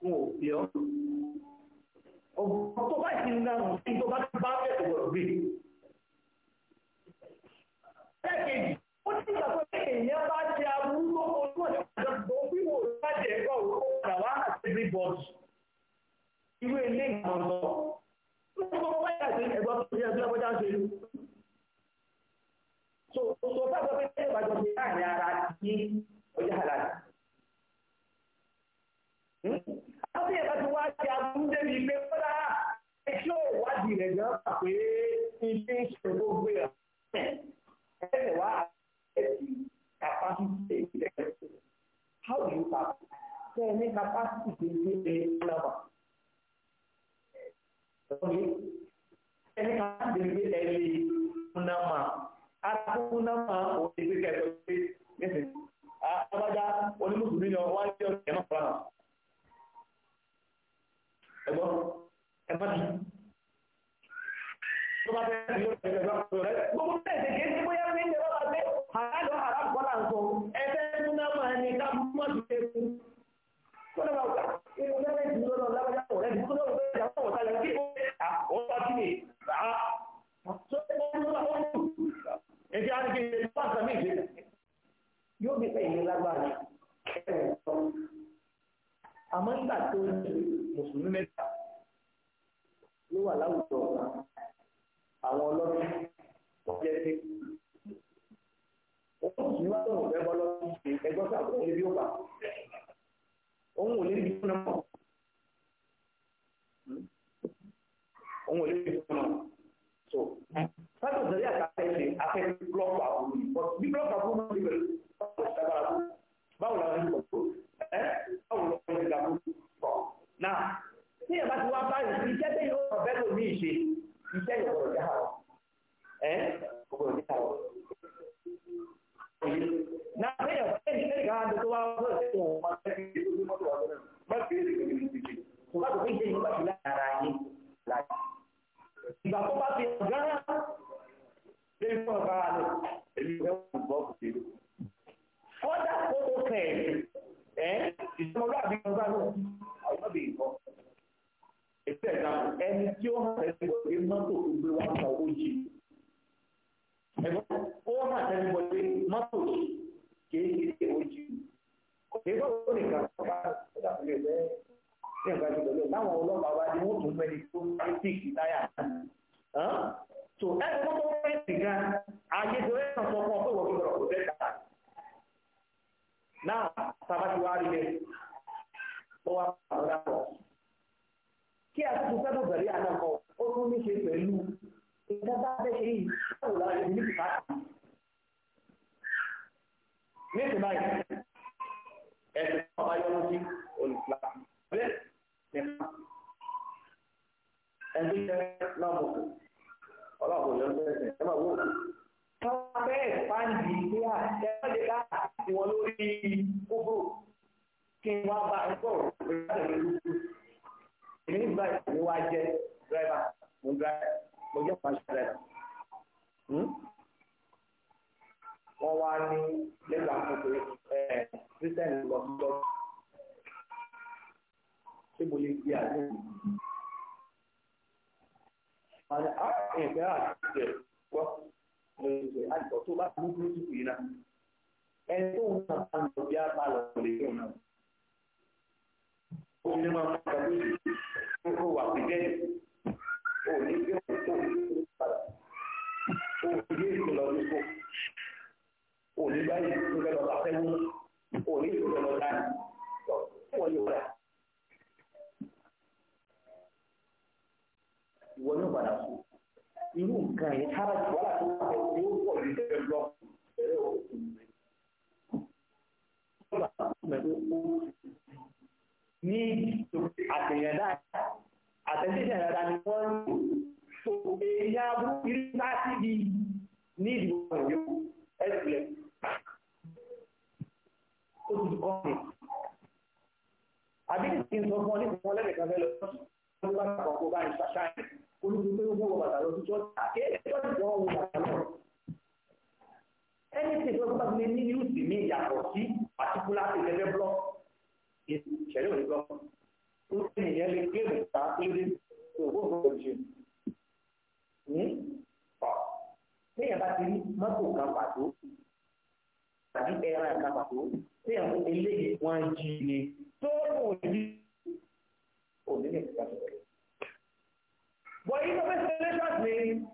bù wọn ò fi ọ́ ọ̀gbọ́n tó bá ti ń dànù sí tó bá ti bá fẹ́ ọ̀gbọ̀n gbé. ẹlẹ́kejì ó ti gbà pé èèyàn bá ti aburú olúmọ̀ ìgbàgbọ́ wíwò láti ẹ̀kọ́ òkú ọ̀gá wà á ti rí bọ́ọ̀sì irú ilé ìgbọ̀nsọ̀. Gbogbo wáyà sí ẹ̀gbọ́n tó yẹ ẹgbẹ́ ọjà ń ṣe. So so fẹ́ sọ pé ṣé ìbàjọ́ pé láàrin ara ní ọjà àlàyé. Àwọn tí ẹ̀ka ti wá ṣe aburú débi pé kọ́dà ẹṣẹ́ òwádìí rẹ̀ gan gbà pé ilé ìṣẹ́ gbogbo ẹ̀ ẹ̀ wá How do you capacity? Ṣé ẹ ní capacity to do number? ẹni kan lè gbé ẹlẹ́ kúnámà akúnámà òní pé kẹsọ̀ pé nísìn àbájá onímùsùlùmí ni wọ́n yọ ẹ̀mọ́ fara ẹ̀gbọ́n ẹ̀mọ́ ti tó bá fẹ́ ẹ̀mí yóò tẹ̀lé ẹ̀gbọ́n tó rẹ̀ gbogbo tẹ̀sẹ̀ kí ẹ̀sìn bóyá fi ń lè wọ́n pàṣẹ àádọ́ àràbọ̀là ń sọ ẹ̀fẹ́ kúnámà ni ká mọ̀ sí ẹ̀kú kúnámà ìlú lọ́nà lábájá ọ̀rẹ́ ìdúró lọ́wọ́ wata ne a so ẹjẹ́ àríkẹ́ ìjọba sàmì ìṣẹ́ yóò bí pẹ̀lú lágbàáyé ẹ̀rọ sọ àmọ́ nígbà tó ń ṣe mùsùlùmí mẹ́ta ló wà láwùjọ àwọn ọlọ́dún wọ́n jẹ́ sí òun sì wá lọ́wọ́ fẹ́ bọ́ lọ́wọ́ ẹgbọ́n sàkóso ẹbí ó bà òun ò lè bí ó náà òun ò lè fi fún un so sábà ìdàrí àtàkùn ṣe afẹ́ blọọkù àbúrò ni but bí blọọkù àbúrò náà níbẹ̀ báwo ló ṣe agbára tó báwo la ń lò ẹ báwo ló ń gbà tó náà tí yẹn bá ti wá báyìí iṣẹ́ tẹ̀ yóò rọ̀ bẹ́ẹ̀ lómi ìṣe iṣẹ́ yóò rọ̀ ẹ ṣe tó fi ṣe láti. ìgbà tó bá ti gán lórí náà bára lọ èmi rẹ̀ kò gbọ́ kò dé. fọ́dà kó tó kẹ̀ ẹ́ ìṣọmọlú àbí ọgbà náà ọ̀yọ́ bèè kọ́. èsì ẹ̀dá ẹni tí ó hàn ẹni tó gbé mọ́tò tó gbé wá sọ ó jì. ẹ̀gbọ́n ó hàn ẹni wọlé mọ́tò kéékèèké ó jì. kò dé bọ́ọ̀ nìkan ọ̀gá ọ̀gá ìgbẹ́ ní ẹ̀ka ti pẹ̀lú táwọn ọlọ́pàá bá dé wọ́n tún mẹ́ni tó ń táyà náà so ẹ tó tó fẹ́ sì gan ayé tó rẹ̀ sọ fún ọ pé wọ́n fi lọ kò tẹ́ta náà sábà ti wá rí lẹ̀ ó wá pàrọ̀ dàpọ̀ kí a tún fẹ́ràn bẹ̀rẹ̀ àdàkọ̀ ó tún ní ṣe pẹ̀lú ìdá bá yìí báwo la ṣe ní kìkà ní ìsìn báyìí ẹ̀sìn ẹbí jẹ́ lọ́bùkù ọlọ́bùkù ló ń bẹ̀rẹ̀ ẹ máa wò ó. wọ́n bẹ́ẹ̀ fáǹdì pé àṣẹ wọ́n lè ká àti wọn lórí kókó kí n wá bá ń sọ̀rọ̀ lórí àtẹ̀lẹ́ lóko. èmi ní báyìí ni wàá jẹ́ dírẹ́fà mo dírẹ́fà mo jẹ́ fàṣẹ dírẹ́fà. wọ́n wá ní lẹ́gbàá fún pé ẹ̀ kírísítẹ́nì lọ sí lọ́dún tí mo lè gbé àlẹ́ mi. Àwọn ah, ẹ̀fẹ́ àtijọ́ wọ́n lè àjọ tó bá mú ní ìlú yìí náà. Ẹni tó ń náà máa lọ bí apá lọ lè yọ̀ náà. Obìnrin máa ń bá ọdún yìí kó wà pípẹ́. O ní bí wọ́n tó ń padà. O ní bí èso lọ lóko. O ní báyìí tó lọ lọ afẹ́wọ́. O ní ìlú lọ lọ dání. Wọ́n yóò rà. wọ́n ní padà sùn irú nǹkan yìí tára jù wàhálà tó wà lẹ́wọ́ yóò pọ̀ ju bẹ́ẹ̀ lọ bẹ̀rẹ̀ òkú rẹ̀. ní àtẹ̀yẹ̀dá àtẹ̀yẹ̀dá ni wọ́n ń lò tó èyí aburú irú láti di ní ìdìbò ìyó ẹ̀sìlẹ̀ ó ti kọ́ mi. àbí kí n sọ fún ọ nípa wọn lẹ́nìkan fẹ́ lọ sí ọdún bá kọ̀ọ̀kan bá ní ṣàṣàyàn olùdókòwò yóò wọ bàtà lọ sí ṣọ́ọ̀ṣì àkéèké ṣọ́ọ̀ṣì tí wọ́n wọ bàtà lọ. ẹni tí ìjọba bá ti ní níwùsì ní ìyàtọ̀ sí pàtíkúlà ti lẹ́lẹ́ blọ́ ìṣẹ̀lẹ̀ òní blọ́ tó ń tẹ̀yìn yẹn lè gbé ìgbà lórí ògbóǹkó ṣe. téèyàn bá ti rí mọ́tò kan pàtó tàbí ẹran kan pàtó téèyàn fún eléyìí wọ́n jí ni tó kò ní òní nìkan ṣẹlẹ̀. But you know, regulations mean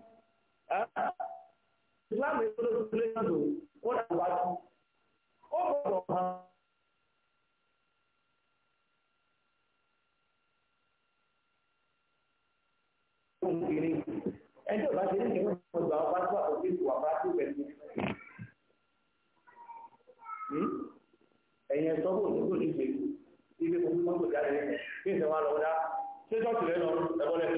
Islam is regulations to what I want. Over the hand. ẹni tó bá ṣe ní ìwé ìgbà ọba tó àkókò ìwà bá tó bẹ̀rẹ̀ ẹ̀yìn ẹ̀sọ́ kò ní kò ní ṣe ibi kò ní mọ́tò jáde ní ìṣẹ̀wá lọ́wọ́dá ṣé sọ́ọ̀tì lẹ́nu ẹ̀bọ́lẹ́nu.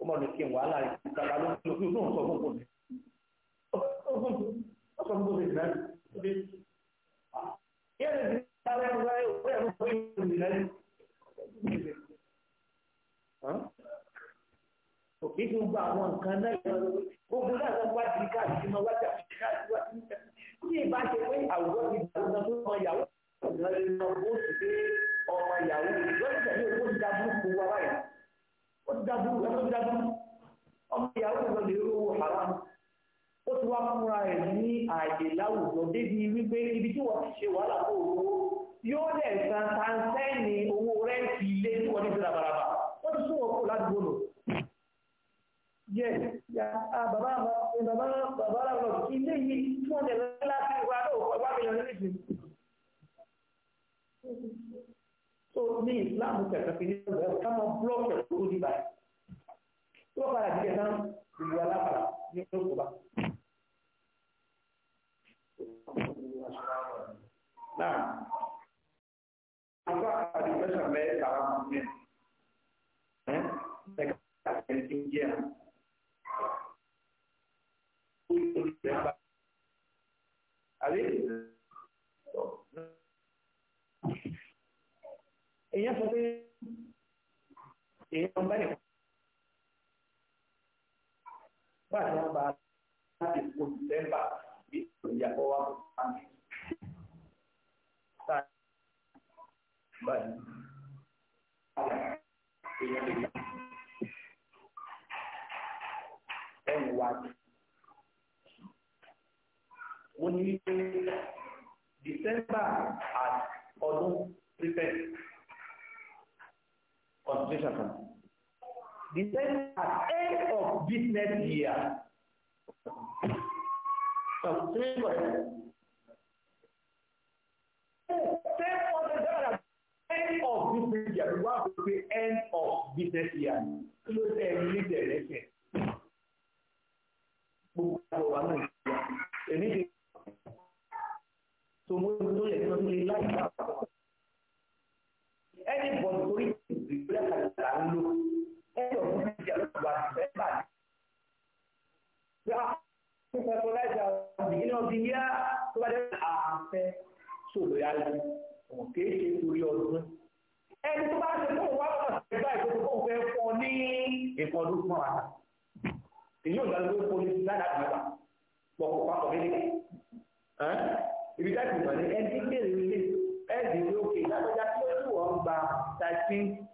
ó ní kí n wàhálà ìkàlà ló ń lò kí sọ fún kò ní. ó sọ fún kò ní ìdílé rẹ̀. yẹ́ ẹ̀ ti sáré ẹ̀rọ ẹ̀rọ ẹ̀rọ fún ìdílé òkè tó gba àwọn nǹkan náà yọ gbogbo náà lọ wá di káàkiri máa wá jàpé káàkiri wá sí ìta tí ìbá ṣe pé àwùjọ ti dàrú náà tó mọ ìyàwó ìgbàlódé náà ó sì dé ọmọ ìyàwó ìgbàlódé náà ó ń dàbí kó wá wáyà ó ti dájú ẹni tó ti dájú ọmọ ìyàwó ìlọ lè rówó haram ó ti wá fúnra ẹ̀ ní ààyè láwùjọ débi wípé ibi tí wọ́n ti ṣe wàhálà tó owó yóò lẹ̀ san tàǹtẹ́ẹ̀nì owó rẹ́ǹtì ilé tí wọ́n ti fi rabaraba ó ti sún wọn kúrò ládùúgbò nù yẹ ya baba baba baba lọ ilé yìí fún ọdẹ lọ láti wà lọ ọgbà mi lọ nílùú so ní islam kẹ̀kẹ́ fi ní ọgbẹ́ ọ̀ká mọ blọọkì ẹ̀kọ́ tó dìbà tó padà dìde náà gbogbo alápàá ní ọkọ̀ bá. náà afọ àdìgbẹ́sà mẹ́ta àwọn ọmọ yẹn ẹ̀ka àti ẹni tí ń jẹ́ àwọn. Àbí? èèyàn sọ pé èèyàn bá nìkan bá àti wọn bá láti kó dẹ́mbà bí ìyàbọ̀ wa kò bá mi. Báyìí, èèyàn lè Ẹnu wa jù. Mo ní wípé December àti ọdún prefect concentration camp. The same at end of business year. So three questions. End of business year, we want to say end of business year. Kí ló tẹ̀ ní ìdẹ̀rẹ́sẹ̀? Gbogbo àwọn ọ̀wá náà. Èmi 13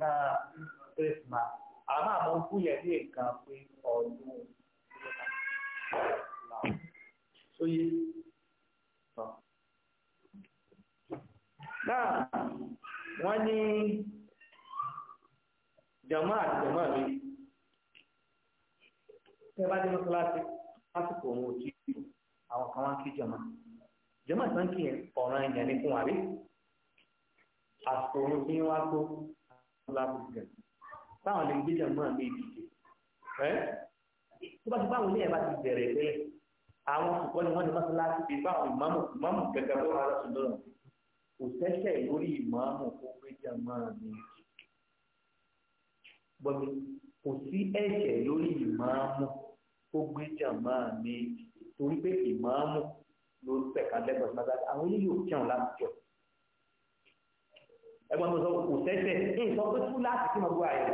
nǹkan Christmas àmọ́ àwọn òkú yẹn ní nǹkan pé ọdún sóyè náà wọ́n ní jama àti jama mi tẹ́ bá dé mọ́sálásí lásìkò òun ò tí ì àwọn kan wá ń kí jama jama ìsànkì yẹn ọ̀ràn ìyẹn ní fún wa rí àsìkò òun ní wá tó lábùkẹ́ táwọn lè gbé jẹun náà méjì jẹ ẹ tó bá ti báwọn ilé ẹ bá ti bẹ̀rẹ̀ bẹ́ẹ̀ àwọn kòkó ni wọ́n ti mọ́sálásí bíi báwọn ìmáàmù ìmáàmù kẹ̀kẹ́ tó rárá sí lọ́rùn kò sẹ́sẹ̀ lórí ìmáàmù kó gbé jẹun náà méjì gbọ́dọ̀ kò sí ẹ̀jẹ̀ lórí ìmáàmù kó gbé jẹun náà méjì torí pé ìmáàmù ló tẹ̀ka lẹ́gbọ̀n sí mọ́sálásí àwọn ilé yóò kírun láti jọ ẹgbẹ́ mi sọ kò tẹ́tẹ́ ní ìsọ pé tú láti kí wọn gbọ́ àyè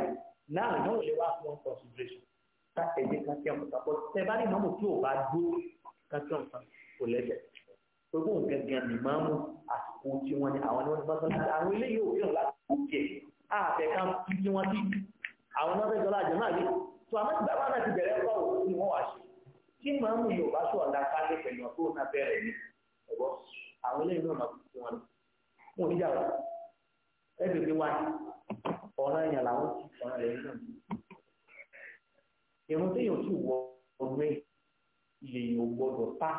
náà yóò lè wá fún consideration ká ẹ̀jẹ̀ ká kí ọ̀sán pọ̀ tẹ bá ní ìmọ̀mù tí ò bá dúró ká kí ọ̀sán kò lẹ́sẹ̀ gbogbo nǹkan gan ni máa mú àsìkò tí wọ́n ní àwọn ni wọ́n ti máa sọ láti àwọn eléyìí ò fihàn láti kó jẹ àfẹ́ká tí wọ́n ti àwọn náà fẹ́ sọlá àjẹmọ́ àbí tó àmọ́ ti bàbá náà ti bẹ̀rẹ̀ ọkọ̀ òkú ni wọ́n wá ṣe tí màá mú yóò bá sọ̀ ọ̀dà kálí pẹ̀lú ni ẹ̀gbọ́n àwọn eléyìí ní wọn ẹbí bí wáyé ọ̀rọ̀ ẹ̀yàn làwọn ti ọ̀rọ̀ ẹ̀yìn náà irun tí yóò ti wọ ọdún ẹ̀ lèyìn ò gbọdọ̀ pa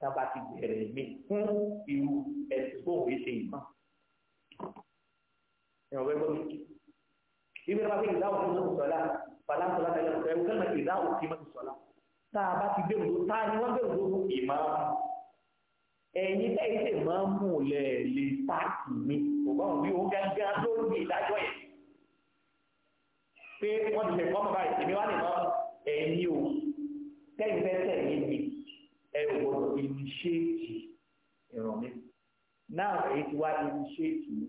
tába ti bẹ̀rẹ̀ mi fún irú ẹ̀sìn tó wòye ṣe yìí kan ẹ̀rọ bẹ́ẹ̀ gbọ́ mi ibi tí wọ́n fi ìdáwọ̀ tó lóko sọ̀lá fàlàsọ̀lá tẹ̀lé ọ̀sẹ̀ ẹ̀rọ kẹ́lẹ́ ìdáwọ̀ tí wọ́n ti sọ̀lá tá a bá ti bẹ̀rù tó tá a ní wọ́n bẹ̀rù tó ìmọ̀ ẹ̀yin tẹ́ ìṣe máa ń mú lẹ̀ lè pààkì mi ọgbọ́n mi ò gángan lórí ìdájọ́ yẹn pé wọ́n ti lè kọ́ bàbá ìsinmi wá lè máa ẹ̀yin o tẹ́yìn fẹ́ tẹ̀yìn mi ẹ ò gbọ́dọ̀ ìníṣẹ́ẹ̀tì ìràn mi náà èyí ti wá ìníṣẹ́ẹ̀tì mi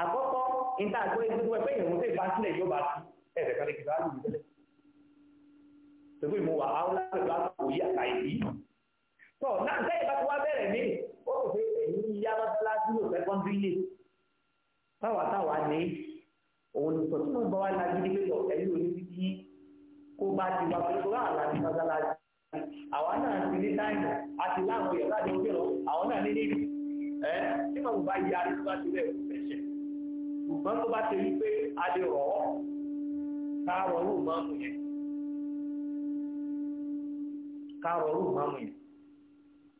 àkọ́kọ́ níta àgbọ̀ yẹn tuntun ẹgbẹ́ ìrùn tẹ̀ bá sílẹ̀ yóò bá sí ẹ̀rẹ̀ kan lè kí n bá lù mí tẹ́lẹ̀ tẹ́lẹ̀ ìmúwà tọ́ náà sẹ́yìn bá ti wá bẹ̀rẹ̀ mí ó rò pé ẹ̀yìn yá mọ́sálásí yóò fẹ́ kọ́ńtì lè báwa táwa ní òun ní sọ tí mo bá wá lágídí pé ẹ̀yìn òní ti yí kó bá ti wá pé kó láwọn láti mọ́sálásí àwa náà ti ní táìmù àti láwọn èèyàn láti ojú ẹ̀rọ àwọn náà ní níbi ẹ tí mo bá yí arí tó bá ti rẹ̀ ẹ̀ṣẹ̀ ṣùgbọ́n tó bá ti rí pé a lè rọ̀ ọ́ ká rọrùn máàmù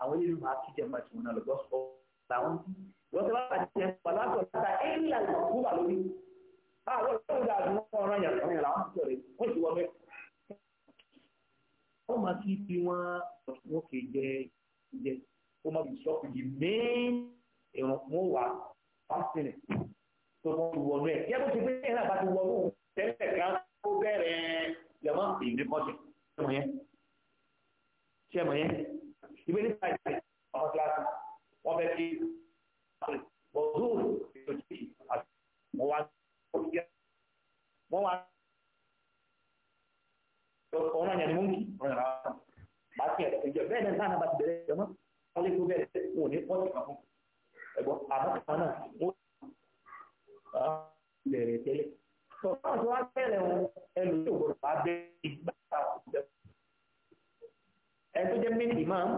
àwọn eléyìí máa kí jẹ́ máa ti wọn náà lọ gọ́sọ̀ làwọn tí wọ́n ti máa jẹ́ pàlásọ̀ láta ẹ̀yìn làlọ́ kú bà lórí. àwọn olóòwò dà bí wọ́n rán yàtọ̀ yàrá wọn ti sọ̀rọ̀ wọ́n ti wọ́n bẹ́ẹ̀. wọ́n máa kí bí wọ́n wọ́n kì í jẹ jẹ kó má bí sọ́ọ̀kì yìí mẹ́ẹ̀ẹ́ ẹ̀rọ wọn wà fásitì tó wọ́n wọnú ẹ̀ yẹ́n bó ti gbé yẹn náà bá ti tẹ́lẹ̀ kan ó bẹ̀rẹ̀ lẹ́mọ́ ìgbé nípa ìgbé ọmọ kíláàsì wọ́n fẹ́ kí wọ́n dùn ìlú tí wọ́n wá wọ́n wá ọ̀hún náà yẹn mú kí ọ̀rọ̀ yàrá wọn bá tiẹ̀ ìjọ bẹ́ẹ̀ náà sáà bá ti bẹ̀rẹ̀ ìjọba wọ́n lè kó bẹ̀rẹ̀ wọn ní pọ́ọ̀tì kan fún ẹ̀gbọ́n àbọ̀ kan náà wọ́n bẹ̀rẹ̀ tẹ́lẹ̀ tọ́ ẹni tó jẹ́ méjì máa ń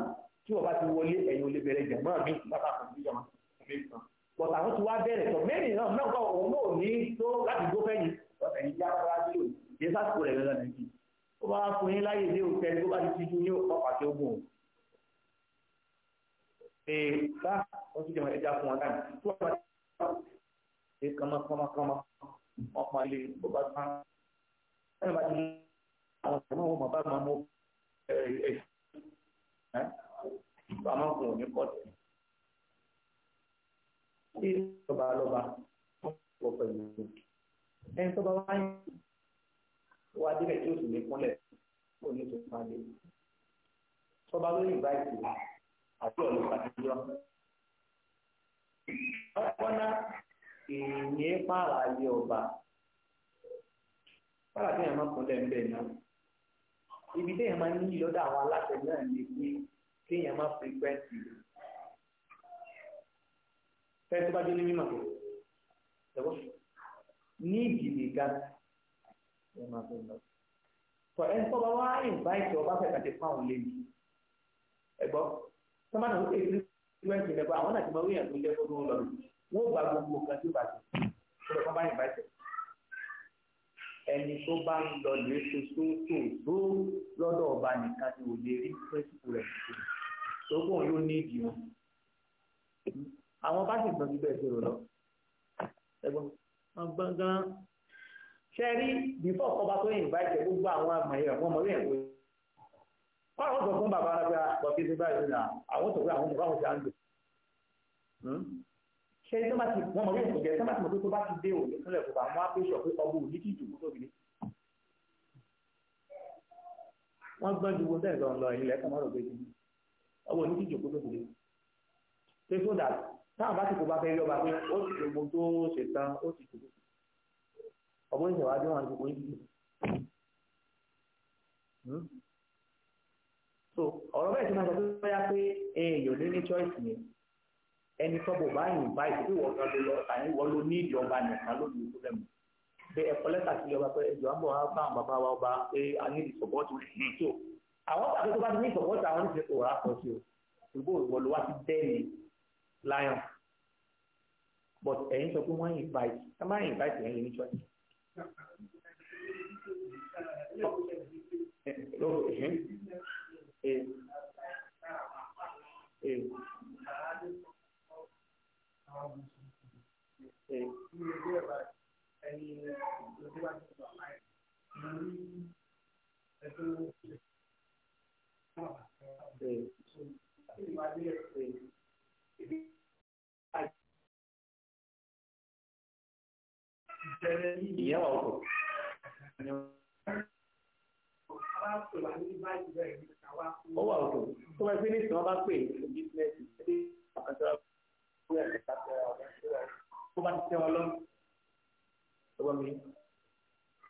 tí wọ́n bá ti wọlé ẹ̀yìn olè bẹ̀rẹ̀ jẹ̀ máa mi bàbá kan sí ìjọba mi kan but àwọn tí wàá bẹ̀rẹ̀ tọ̀ mẹ́rin náà náà kọ́ òun náà ní tó láti gbó fẹ́yìn ọ̀sẹ̀ yìí já rárá sí òun dé sásìkò rẹ̀ lọ́dọ̀ nàìjíríà ó bá fún yín láyè dé òun tẹ́lẹ̀ tó bá ti ti ju ní ọ̀pá tó gùn òun. ee bá wọn ti jẹun ẹja fún wọn láyè tó wà ní kama kama kama wọn pa ilé bó bá tán ẹni bá ti tó a máa ń kun òní kọ́ọ̀tù tí lọ́ba lọ́ba wọ pẹ̀lú ẹni tó bá wá ń wá débẹ̀ tí oṣù lè kúnlẹ̀ kó ní tó máa dé tọ́ba lórí ìgbà ìgbà àti ọ̀lẹ́ pàtẹ́jọ́ ọ̀pọ̀nà èèyàn pààlà ayé ọba pààlà tí èèyàn máa kúnlẹ̀ ń bẹ̀ náà ibi téèyàn máa ń ní ìlọ́dọ̀ àwọn aláṣẹ náà lè ní kéèyàn máa frequency rẹ̀ fẹ́ tó bá dé ní mímọ̀ kò ẹ̀wọ́ ní ìdílé ga ẹ̀ máa fẹ́ lọ. sọ ẹ̀ ń tọ́ bá wá invite ọba fẹ́ kàtẹ́ fún àwọn lẹ́nu ẹ̀gbọ́ sọ́mà náà ó ṣe frequency rẹ̀ bá àwọn àti mọ̀ wíyàn tó jẹ́ fọ́dún lọ́dún wọ́n gba gbogbo kan tí ó bàjẹ́ ó lọ́ ẹni tó bá ń lọ lè ṣe sóòtò tó lọ́dọ̀ ọba nìkan ni ò lè rí pẹ́sìkò rẹ̀ ṣe sókùn yóò ní ìdí wọn. àwọn bá sì gbọ́n síbẹ̀ ṣòro lọ. ẹ̀gbọ́n wọn gbọ́n gan. ṣe rí bífọ̀ kọba tó yìnbá ìjẹ́ gbogbo àwọn àmọ̀yẹ àwọn ọmọ yẹn wò. kọ́ àwọn sọ fún bàbá arábíà ah, bọ̀fíìsì báyìí nà àwọn sọ pé àwọn mọ̀ ṣe tó bá ti wọ́n mọ̀ bí èkó jẹ́ tó bá ti mọ̀ pé tó bá ti dé òní sílẹ̀ kó bá wọ́n á pé sọ pé ọgbọ́n òní kì í dùn tó bìíní. wọ́n gbọ́n ju wo sẹ́yìn lọ́n lọ ilẹ̀ kan mọ́rọ̀ gbẹ́jú ọgbọ́n òní kì í dùn tó bìíní. ṣé fún dà táwọn bá ti kó bá fẹ́ rí pé ó ti gbogbo tó ṣe tán ó ti dùn ọgbọ́n ìṣẹ̀wá bí wọ́n ti kó yín so ọ̀rọ̀ bẹ́ẹ̀ ti máa sọ choice yẹn ẹni tọ́bọ̀ bá yìn báyìí tí wọ́n kan ló lọ ọ̀tà yẹn wọ́n ló ní ìdí ọba nìkan ló ní ìlú lẹ́mu pé ẹ̀kọ́ lẹ́tà sí ọba pé ẹjọ́ àbọ̀ wá bá àwọn bàbá wa ọba pé a ní ìsọ̀bọ̀tì rẹ̀ tó hmm. àwọn tàbí tó bá ní ìsọ̀bọ̀tì àwọn ìṣe kò rà pọ̀ sí o ṣùgbọ́n ìwọ ló wá sí bẹ́ẹ̀ni lion but ẹ̀yin sọ pé wọ́n yìn báyìí ẹ má yìn báyìí ẹ̀yin ní ìyá ọkọ. ọwọ́ àwùjọ tó wáyé pé ní ìsìn wọn bá pè ní bísíǹnẹ́sì tó bá ti tẹ́ wọn lọ́rùn tó bá mi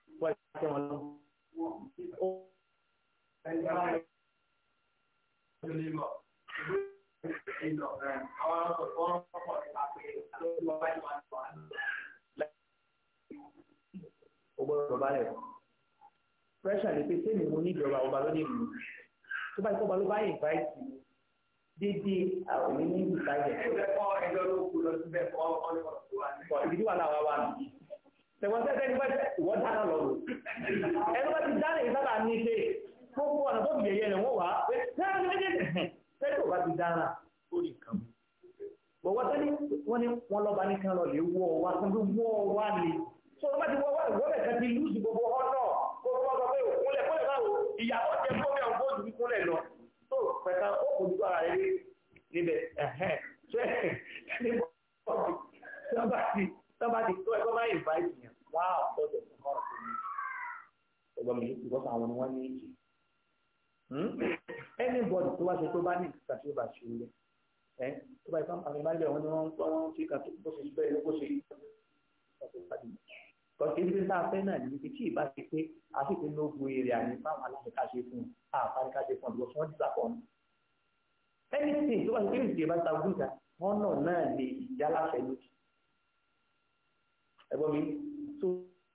tó bá ti tẹ́ wọn lọ́rùn. O gbọ́dọ̀ balẹ̀ pressure lè pe sẹ́ni mo ní ìjọba ọba lónìí mi tó bá ti kọ́ ọba ló bá yìnbá ìsìn dédé àwọn onímọ̀ ìgbà yẹn. ìdí wà láwa wà nù. tẹ̀wọ́n tẹ́tẹ́ ní bẹ́ẹ̀ wọ́n dáná lọ rò. ẹni bá ti dáná yìí sábà ní ṣe gbogbo ọ̀nà tó bìyẹ̀ yẹn wọ́n wà á pé tẹ́tẹ́ ò bá ti dáná ó lè kàn. bọ̀wọ́ tẹ́lẹ̀ wọ́n ní wọ́n lọ́ba ní kan lọ lè wọ́ ọ wá fún mi wọ́ ọ wá ni. sọ wọ́n bá ti wọ́ wá ìwọ́bẹ̀ kan ti lùsì gbogbo ọ pẹ́ tán ó kò dúdú ara rẹ̀ rí níbẹ̀ ẹ̀hẹ́n ṣé ní bọ́ọ̀bù sábà ti sábà ti tó ẹgbẹ́ máa ìfà ìyẹn wá ọ̀tọ̀ọ̀tọ̀ ẹ̀kọ́ ọ̀rọ̀ fún mi ẹgbẹ́ mi ìgbọ́sọ̀ àwọn ni wọ́n ní ìjì hmm? anybody tó bá ṣe tó bá ní ìgbà tí ó bá ṣe lẹ ẹ tó bá ìfọwọ́n àmì ìbálẹ̀ wọn ni wọ́n ń pọ́n wọn fi kà tó bó ṣe bẹ́ẹ̀ ló bó ṣe kọ̀ọ̀tì ibi tá a fẹ́ náà ní ibi tí ìbá ti pé àti ìpínlẹ̀ ogun èrè àní fáwọn aláṣẹ ká ṣe fún un àfáàní ká ṣe fún un lọ fún wọn dìgbà kan anything tó bá ti kéré ìdìbò ta gúdà wọn náà náà lè ìjà láfẹ lójú ẹ̀gbọ́n mi tó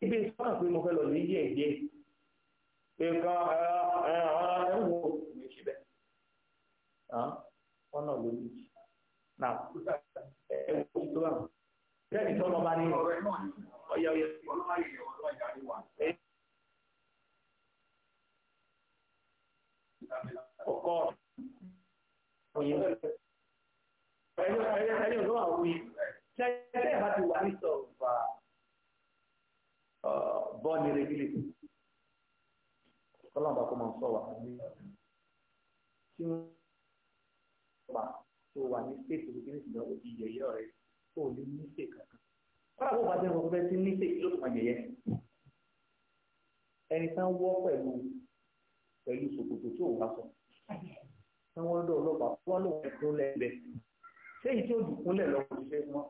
ibi sọkàn pé mo fẹ́ lọ ní yíyẹ díẹ̀ nǹkan ẹ ẹ ẹ wo mi ṣe bẹ wọn náà ló lójú náà ẹ ẹ wo tó bá wọn bẹ́ẹ̀ni tó lọ bá ní ọyọ yẹ ọkọ. òyìnbó ẹ̀yọ́ ẹ̀yọ́ ẹ̀yọ́ wí ṣẹ́yẹ́ bá ti wà ní sọ̀rọ̀ bọ́ọ̀nì rẹ̀gílẹ̀ kọ́lọ́mbà kó máa ń sọ ní tí wọ́n wà tó wà ní stéètì tó tó ní kankan ẹni tán wọ́ pẹ̀lú pẹ̀lú ṣòkòtò sọ. tí wọ́n lọ́dọ̀ ọlọ́pàá wọ́n lòun ẹ̀kún lẹ́gbẹ̀ẹ́ ṣé èyí tí ó dùn kúnlẹ̀ lọ́wọ́ ṣe wọ́n.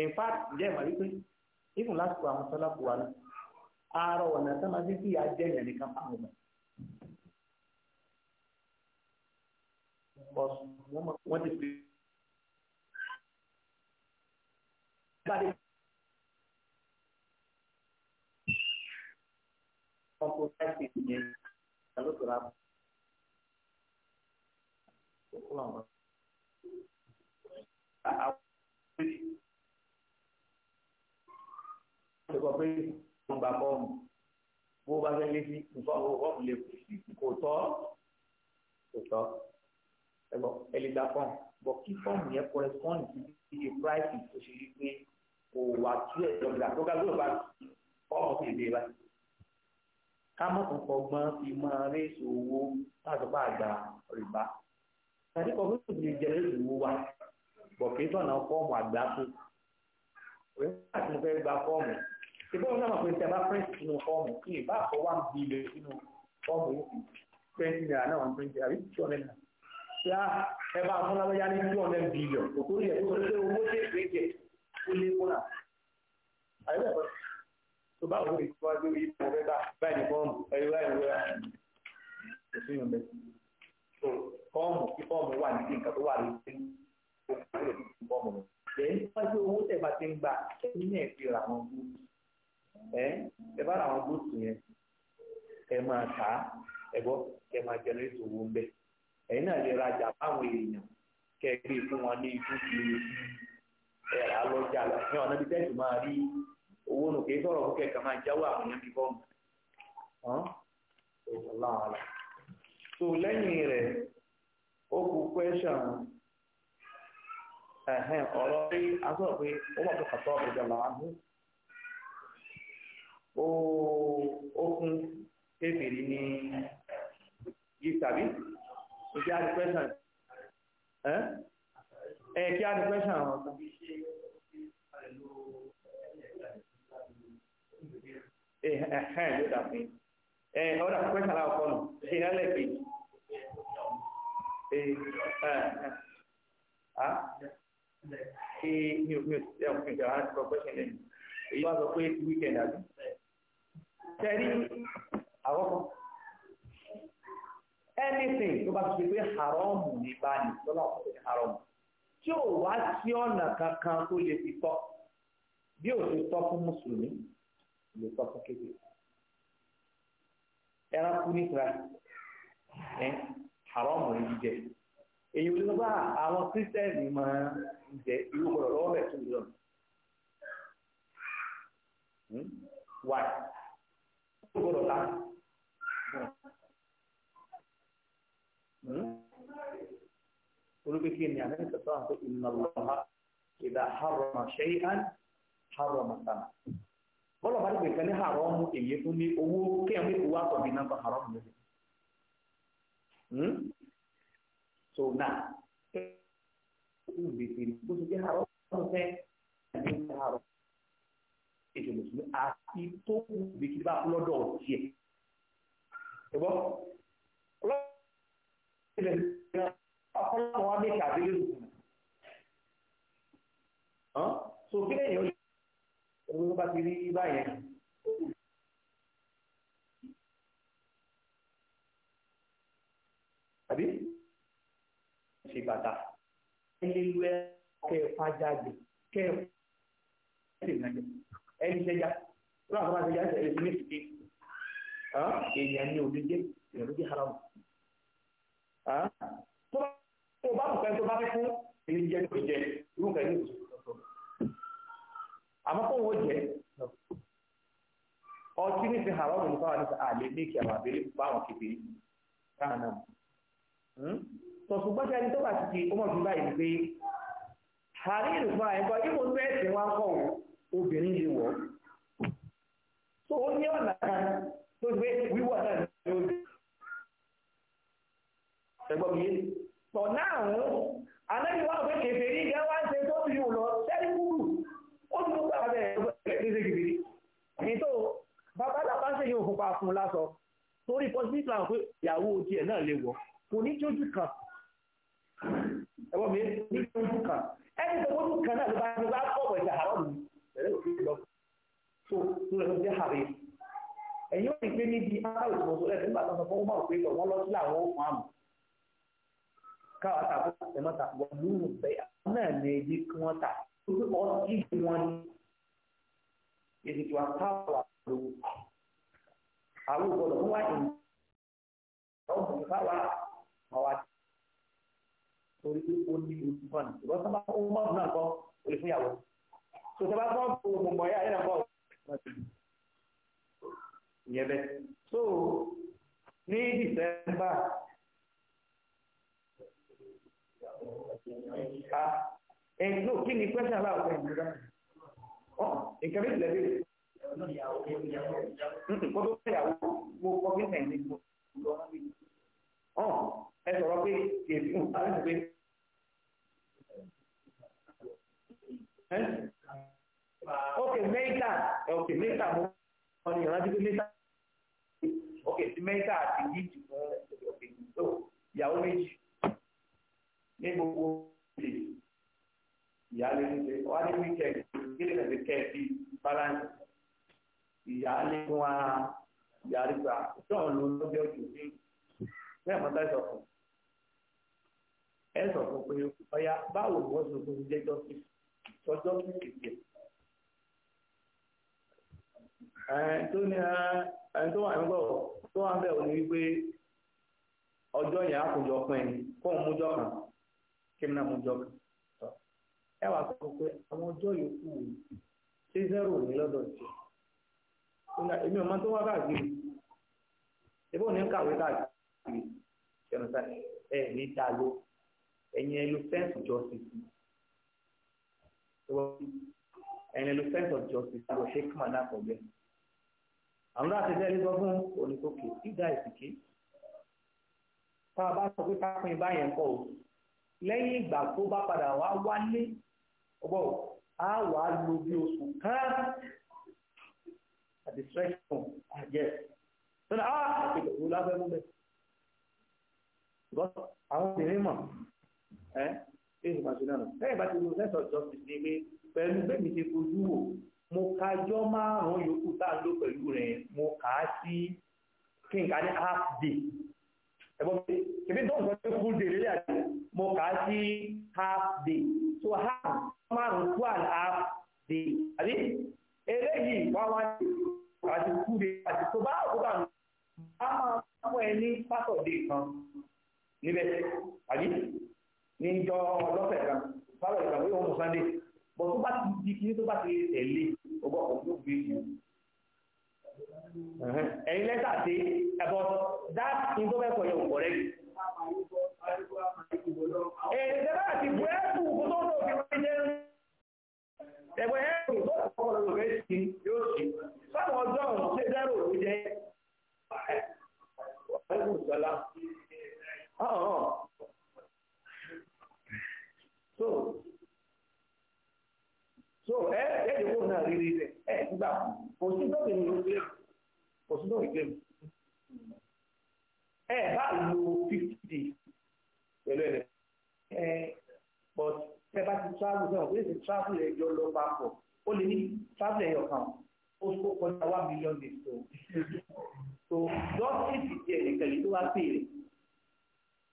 in fact jẹ́ ìmọ̀ wípé even last year àwọn sọ́lá kù wá ní ààrọ̀ ọ̀nà tí wọ́n ti fi ìyá jẹ́ ìyẹn nìkan fáwọn ọmọ. kọ́ńtò láti ìdíje ló tó rà kókó àwọn àwọn olùkọ́ pé wọ́n gba bọ́ọ̀mù bó bá fẹ́ lé sí nǹkan owó bọ́ọ̀mù lè kù sí kò tọ́ kò tọ́ ẹ̀gbọ́n ẹlẹ́gbà fọ́ọ̀mù bọ̀ kí fọ́ọ̀mù yẹn correspond sí iye price tó ṣe wípé kò wà tú ẹ̀ lọ́gbà tó ká lóò bá fọ́ọ̀mù sì dé báyìí kámọ́kùn kọgbọ́n fi máa rí ìṣòwò látọ̀pá àgbà rìbá tàbí kọ̀ọ̀kan tó ti jẹ́ ìṣòwò wa bọ̀kì tọ̀nà fọ́ọ̀mù àgbà tó òun láti mo fẹ́ gba fọ́ọ̀mù ṣùgbọ́n òun náà mọ̀ pé tí a bá print nínú fọ́ọ̀mù kí n bá fọ́ one billion nínú fọ́ọ̀mù yìí twenty naira náà one twenty àbí two hundred naira ṣé ẹ bá fún lábẹ́yá ní two hundred billion òkú yẹ kó lè owó ṣe é ṣe é ṣe é lé kó náà àyẹ̀wò ẹ̀kọ́ tó bá wọ́n ìfọ́ adé orí ìfọ́ rẹ̀ bá báyìí fọ́ọ̀mù ẹ̀rọ ẹ̀rọ ẹ̀rọ ìṣúyàn bẹ́ẹ̀. so fọ́ọ̀mù kí fọ́ọ̀mù wà ní nǹkan tó wà lórí fọ́ọ̀mù rẹ̀. lẹ́yìn tó wáyé owó tẹ̀ bá ti ń gbà ẹ̀yìn náà fi ra àwọn búùtù ẹ̀ ẹ̀ bá ra àwọn búùtù yẹn ẹ̀ máa tà ẹ̀ gbọ́ kẹ́ máa jẹnẹrétì owó ń bẹ̀ owó nù kìí sọ̀rọ̀ fún kẹ̀kẹ́ máa jáwọ́ àwọn èèyàn bí fọ́ọ̀mù ọ̀làwàlà so lẹ́yìn rẹ̀ ó kú question ọ̀rọ̀ pé a pé ó wà tó kàtọ́ ọ̀gbẹ̀jọ̀ làwọn àbú ó kébìrì ní ẹ̀hẹ́n ló dà fún ẹ̀ ọ̀dà pẹ́sàlá ọkọ̀ nù ìrẹ́lẹ̀ kejì kí ah ah ah ò sí ẹ̀kún ìjà láti kọ́ pẹ́sẹ̀ lẹ́yìn èyí wá sọ pé wíkẹ̀ndì àbí tẹ́rí àkọ́kọ́ anything tó bá ti pé haramu ní báyìí lọ́la ọ̀pọ̀ ní haramu tí ò wá sí ọ̀nà kankan tó lè fi tọ́ bí ò ti tọ́ fún mùsùlùmí lè sọ fún kéde ẹran kú ní israel ẹ àrọ́mù jíjẹ èyí ò lọ́gbà ah, àwọn kírísítẹ́nì máa ń jẹ irú gbọ́dọ̀ lọ́wọ́ bẹ̀ tó lọ hmm? wáyé ó gbọ́dọ̀ ta hmm? olùkíkí ni àmì ìsọ̀tọ̀ àti ìnàlọ́ha ìdá harrama shay'an harrama sana bọ́lọ̀ bá dìgbè kan ní haramu èyí fún ní owó kéèyàn mú owó àtọ̀bí náà bá haramu lóde. Hmm? so na, kéèyàn gbèsè ní bó ṣe jẹ́ haramu fẹ́ ẹ̀mí ń jẹ́ haramu ètò mùsùlùmí àti tó kù gbèsè bá kú lọ́dọ̀ tiẹ̀. ẹ gbọ́ ọlọ́run ilẹ̀ ìgbà ọlọ́run wa ní kàdé lóṣù. so kéèyàn owó tó bá ti rí báyẹn. àbí ṣe bàtà ẹni lu ẹ kẹ ẹ fa jáde kẹ ẹ ẹ lè nàjẹ ẹni ṣẹjá lọ́wọ́ àkọ́kọ́ àti ìyá ẹ̀sìn ní ìsìnkú èèyàn ní òde jẹ́ èèyàn ló jẹ́ haram. tó bá tó bá kọ̀ pẹ́ tó bá fẹ́ fún èyí jẹ́ tó jẹ́ irú nǹkan ní ìsìnkú. àmọ́ kó wọ́n jẹ́ ọtí ní ti haram ní fáwọn àti àlè ní kí àwọn àbẹ̀rẹ̀ báwọn kékeré káà to hmm? tọ̀sùn gbọ́dọ̀ ẹni tó bá ti di ọmọ ìgbà yìí pé àrí ìrùfà ẹ̀kọ́ yìí mo ń bẹ́ẹ̀ sí wọn kọ̀ obìnrin lè mi ó ní ó gbà bẹ́ẹ̀ kéde gidi ní tó bàbá làbá ṣe yóò fún pa fún lásọ torí pọ́sibítì làwọn pé ìyàwó tiẹ̀ náà lè wọ̀ kò ní jójú kan ẹ̀wọ́n mi ní jójú kan ẹni tó gbójú kan náà ló bá ní bá kọ̀wé ìjà àárọ̀ mi ẹ̀rẹ́ òfin lọ tó tó lọ sí àárẹ̀ ẹ̀yìn ò ní pé níbi akáwé tó sọ lẹ́sẹ̀ nígbà tó sọ fún wípé ọtí wọn ni ètùtù àtàwà lówó àwọn ògbọ́dọ̀ fún wa ìmọ̀ ọ̀gbìn káwa ọ̀wà torí pé ó ní olùkọ́ ni ìbọn sábà ó mọ̀ ọ́n náà kọ́ olè fún ìyàwó tó sábà kọ́ gbogbo ọ̀yà ẹ̀rọ kọ́ ìyẹn bẹ́ẹ̀ so ní December ẹ no kí ni pẹ́sẹ̀ aláwọ̀ ọ̀gá ìgbéra ọ nǹkan bí ìlẹ̀ bẹ́ẹ̀ kó tó fẹ́yàwó mo kọ́ kí nà ní gbọ́ ọ ẹ sọ̀rọ̀ pé kèéfì ń parí pé ok mẹ́ta ok mẹ́ta mo kọ́ ni ìrántí pé mẹ́ta ok mẹ́ta àti yíjì fún ok ìyàwó méjì ní gbogbo ìlẹ̀ yìí. ìyáálé ń ṣe wá ní ndị kí ni ndị kẹ́ẹ̀dì balance ìyáálé fún wa ìyáálé gba john ló ń lọ́jọ́ jù ní bẹ́ẹ̀ mọ́tà ẹ̀ fún ẹ fún pé ọ̀ya báwo ni wọ́n ṣe fún ilé justice sọjọ́ kìkìkì tó ní tó wà ẹ wà sọ pé àwọn ọjọ́ yòókù ṣé zero ní lọ́dọ̀ tí èmi ọmọ tó wá káàkiri ìbò ní kàwé káàkiri ṣẹ̀nùsá ẹ̀ ní ta ló ẹ̀yin ẹ̀ ló fẹ́ǹsì justice ẹ̀yin ẹ̀ ló fẹ́ǹsì of justice ló ṣe kí màdà pọ̀ bẹ́ẹ̀ àwọn láti tẹ́lẹ̀ sọ fún oníkókè ìdá ìsìnkí tá a bá sọ pé kápín báyẹn kọ́ o lẹ́yìn ìgbà tó bá padà wá wálé ọgbọ́n a wà á lo bí oṣù kan at the stretch point ah yes so na ah àti ìgbàgbọ́ lábẹ́ mú bẹ́ẹ̀ because àwọn obìnrin mọ̀ ẹ́ èyí máa ṣe náà lẹ́yìn bá ti lo sense of justice ni pé pẹ̀lú bẹ́ẹ̀ni ti fojú wò mo kájọ́ márùn-ún yòókù tá a lò pẹ̀lú rẹ̀ mo kà á sí kí n kà ní half day ẹ̀gbọ́n mi kìbí dọ́ọ̀sì wọn ní full day lélẹ̀ àti mo kà á sí half day so half márùn two and half day àbí eléyìí wọ́n wá ní àti full day àti tó bá àkókò àwọn a máa fún ẹ ní sátọ̀dé kan níbẹ̀ àbí níjọ lọ́sẹ̀ kan sábà ìgbàgbé wọn mú sunday bọ̀ tó bá ti di kí ní tó bá ti tẹ̀lé ọgbọ́n òkú gbé yìí ẹ̀yin lẹ́tà sí ẹ̀bọ̀ that ìgbọ́mẹ́kọ̀ yẹn kò rẹ̀ ẹ̀ẹ́dẹ́gbẹ́ àti búrẹ́kù kó tó lọ fi wọ́n jẹ́ ẹ̀bọ̀ ẹ̀rù tó lọ fọ́kọ̀ lọ fẹ́ sí yóò sí fáwọn ọjọ́ ọ̀hún ṣe dárò ló jẹ́ ẹ̀rù sọlá ọ̀hún so so ẹ̀ẹ́dẹ́gbẹ́ náà rírí rẹ̀ ẹ̀ gbà kò sí tọ́kì ní ojú kò sí náà ìgbẹ́mu ẹ bá lo fifty days pẹ̀lú ẹ̀rẹ̀ ẹ but ẹ bá ti travel náà ó lè ti travel ẹ̀ jọ lọ papọ̀ ó lè ní travel ẹ̀yọ̀ kan ó kó kọjá one million days tó so just fifty days nìkan yìí tó wá sí rẹ̀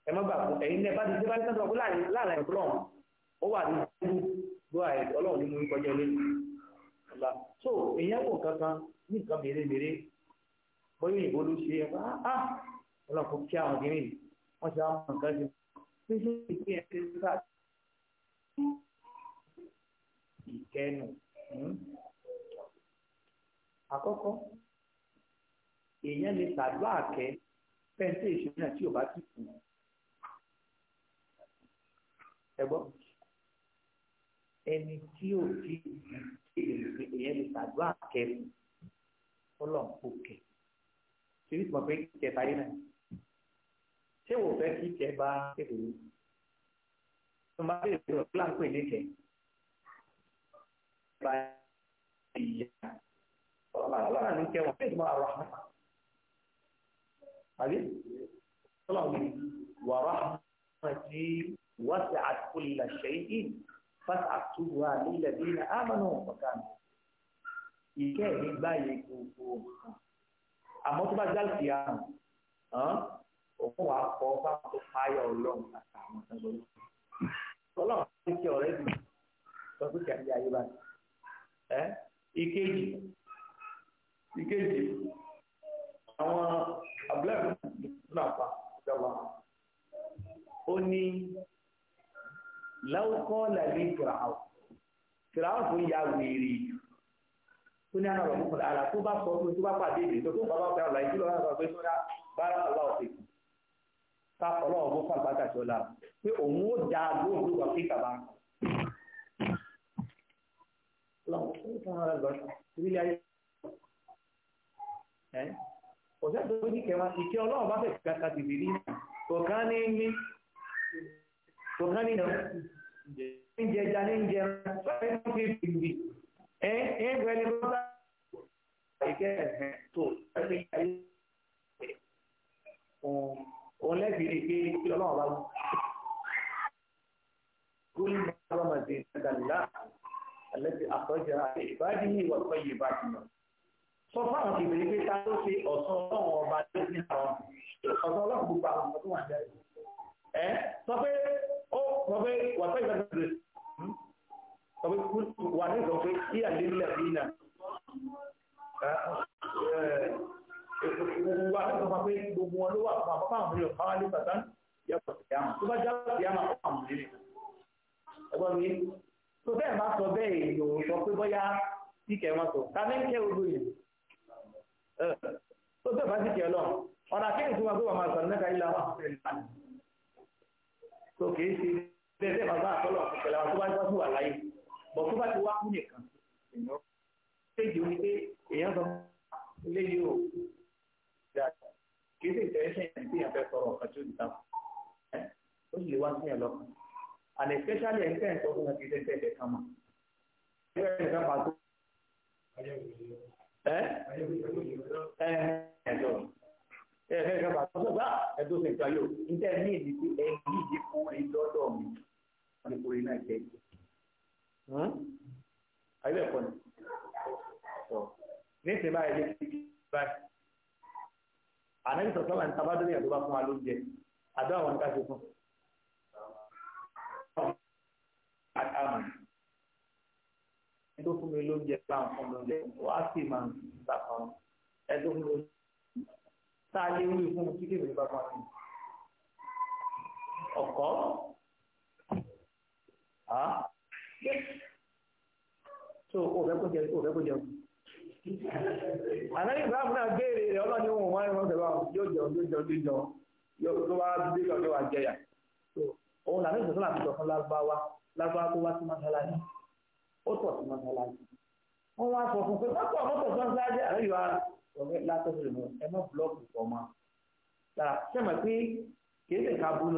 ẹ má gbàgbọ́ ẹ̀yin náà bá ti dé bá ti sọ́dọ̀ ọ̀gbọ́n láàrin ọ̀gbọ́n ó wà ní ìlú gbọ́ àìsàn ọlọ́run nínú ìkọjá ilé so èèyàn kò kankan ní nǹkan mèremère bóyá ìbò ló ṣe ẹ bá a ọlọ́pàá kí àwọn obìnrin wọ́n ti àwọn nǹkan ṣe pé ṣé ìpín ẹ̀ ṣe ń sá ìkẹnu hmm. àkọ́kọ́ èèyàn lè tàdó àkẹ́ pẹ́ńtẹ́ ìṣòro tí ò bá ti kù ẹ gbọ́ ẹni tí ò ti èèyàn lè tàdó àkẹ́ fún ọlọ́pàá kẹ́ ṣe bí tìmọ̀ pé ìtẹ̀ fàyè náà ṣé wò fẹ́ kí ìtẹ̀ bá tètè yìí tó máa bèèrè lọ láǹpẹ̀ lẹ́kẹ̀ bá ìyá ọlọ́run ní kẹwàá bẹ́ẹ̀ máa rà á àbí ọlọ́run ní wàrà á ti wáṣẹ àtúlẹ̀ ṣẹ́yìn fásitúwà nílẹ̀ bí i àmàlà ọ̀kan ìkẹ́ mi gbáyé gbogbo nǹkan àmọ́ tó bá jáde sí àrùn òun wàá kọ́ báwọn tó fáyà ọlọ́run àtàwọn ọ̀sán lọ́wọ́ ọlọ́run ti ṣe ọ̀rẹ́ bì sọ pé kí ayé ayé báyìí ẹ ìkejì ìkejì àwọn abúlé náà pa ìjọba ó ní láwùkọ́ làlí fìràwọ̀ fìràwọ̀ tó ya wèrè jù tó ní àwọn ọ̀rọ̀ mọ̀kànlá ara tó bá sọ fún mi tó bá pàdé ìdè tó tó bá bá fẹ́ ọ̀la ìdílé ọ̀la sọ pé sọ́dá bára ọ̀la ọ̀sẹ̀ kù ká ọlọ́run fún fàgbàtà tí ó lára pé òun ó da lóòótọ́ wà pé kàbá ọ̀sẹ̀ tó ní kẹwàá ìkẹ́ ọlọ́run bá fẹ̀ kàkà tìbí rí kọ̀ọ̀kan ní ní kọ̀ọ̀kan ní náà ń jẹja ní ń jẹun fẹ́ẹ́ fi bìbì ẹ ẹ bẹ̀rẹ̀ lọ́dà ìkẹ́ ẹ̀hẹ́ tó ẹgbẹ́ ayé òun lẹ́bi rí pé kí ọlọ́run bá kúlù bàbá màdé dàlá alẹ́bi àkọ́jà ìbádìí ìwà tó yé bá ti mọ̀. sọ fáwọn kìbìrì pé ta ló ṣe ọ̀sán ọlọ́run ọba tó ní àwọn ọ̀sán ọlọ́run gbogbo àwọn ọmọ tó wà ní ẹ̀ sọ pé ó sọ pé wà pé ìgbàgbọ́ wà ní sọ pé kí àdínlẹ̀ dínà wà ní sọ pé gbogbo wọn ló wà fún àpapọ̀ àwọn ènìyàn káwá ní sàtán yàtọ̀ sí àmà tó bá já sí àmà fún àwọn ènìyàn ẹgbọ́n mi tó bẹ́ẹ̀ bá sọ bẹ́ẹ̀ èèyàn ò sọ pé bóyá tí kẹ́ wọn sọ ká ní kẹ́ ogun yìí tó bẹ́ẹ̀ bá sì kẹ́ lọ ọ̀nà kéèyàn tó wà pé wà máa sọ̀rọ̀ nípa ilé àwọn àfẹ́rẹ́ ìlànà tó kìí ṣe bẹ́ẹ̀ bá bá àtọ́lọ̀ bọ̀ tó bá ti wá kú nìkan èèyàn ṣèjì ó ní pé èèyàn sọ ilé yìí ó dáadáa kì í sì tẹ̀sán ìyẹn tí èèyàn fẹ́ sọ̀rọ̀ ọ̀kan tí ó ti ta ó sì lè wá sí ẹ̀ lọ́kàn and especially ẹ̀ ń tẹ̀ ń sọ fún wọn kì í ṣe tẹ̀ ẹ̀ kàn mọ́ ẹ̀ ẹ̀ ẹ̀ bá tó. ẹ̀ ẹ̀ ẹ̀ jọ ẹ̀ ẹ̀ ẹ̀ bá tó sọ̀gbà ẹ̀ tó sì ń ta yóò ń tẹ̀ ní ìdí tí ẹ̀ ní ìdí kúrin lọ́dọ̀ mi wọ́n ní kúrin náà jẹ́ ìdí ayé ẹ̀kọ́ ni ní ìsìn báyìí lè fi báyìí ànábì sọ̀tọ́ wà ní tabadọ́lẹ̀ yàtọ̀ bá fún wa lóúnjẹ àdó àwọn nǹkan ṣe fún àmì ẹni tó fún mi lóúnjẹ bá ń fún mi lóúnjẹ wá sí máa ń gbà kan ẹni tó fún mi lóúnjẹ tá a lé wí fún mi kí kébìrì bá fún ọkọ. Huh? so òfẹ́ kó jẹun òfẹ́ kó jẹun àlẹ́yìn ìbáàmù náà béèrè rẹ̀ ọlọ́ni ohun wọn ẹ̀rọ pẹ̀lú àwọn yóò jẹun yóò jẹun yóò jẹun tó bá dé lọ́jọ́ wa jẹyà so òun làmì ìṣẹ̀tọ́ láti sọ fún lágbáwá lágbáwá tó wá sí mọ́ṣáláṣí ó tọ̀ sí mọ́ṣáláṣí wọ́n wá sọ fún pé mọ́tò mọ́tò sọ́ńsáájì àlẹ́ yóò wá látọ́sí rẹ̀ mọ́ ẹ mọ́ búlọ́ọ̀kù ọmọ tàà sẹ́mọ̀ pé kì í ṣe fún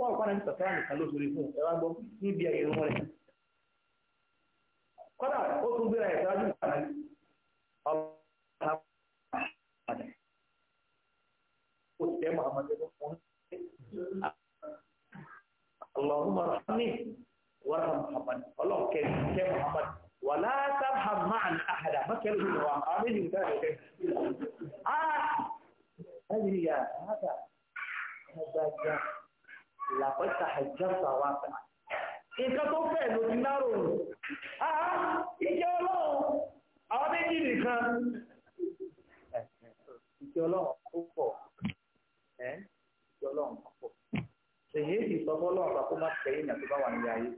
wọ́n kọ́ náà tọ̀tọ̀ nìkan ló sórí fún ẹwà gbọ́ níbi ẹ̀yìn rẹ̀ kọ́dà ó tún gbéra ẹ̀ sáájú ìpàdé ọlọ́pàá ó tẹ́ Muhammad ẹ̀kọ́ fún Allahumma rahmi wa rahmi Muhammad ọlọ́ọ̀kẹ́ tẹ́ Muhammad wà látàbà máa ní àhàdà mọ́kẹ́lú ìwà àwọn méjì ń tàbí ọ̀kẹ́ ah ẹ̀yìn ìyá àhàdà ẹ̀dá làpẹ́sà àjẹ́sà wa fẹ́. nǹkan tó fẹ́ ló ti náró rò áá ah, ìjẹ́ ọlọ́run àwọn méjì nìkan ìjẹ́ ọlọ́run ó pọ̀ ẹ́ ìjẹ́ ọlọ́run ó pọ̀ ṣèyí èsì sọ fọ́ ọlọ́run ọba kó má tẹ̀yìn ìyà tó bá wà nílé ayé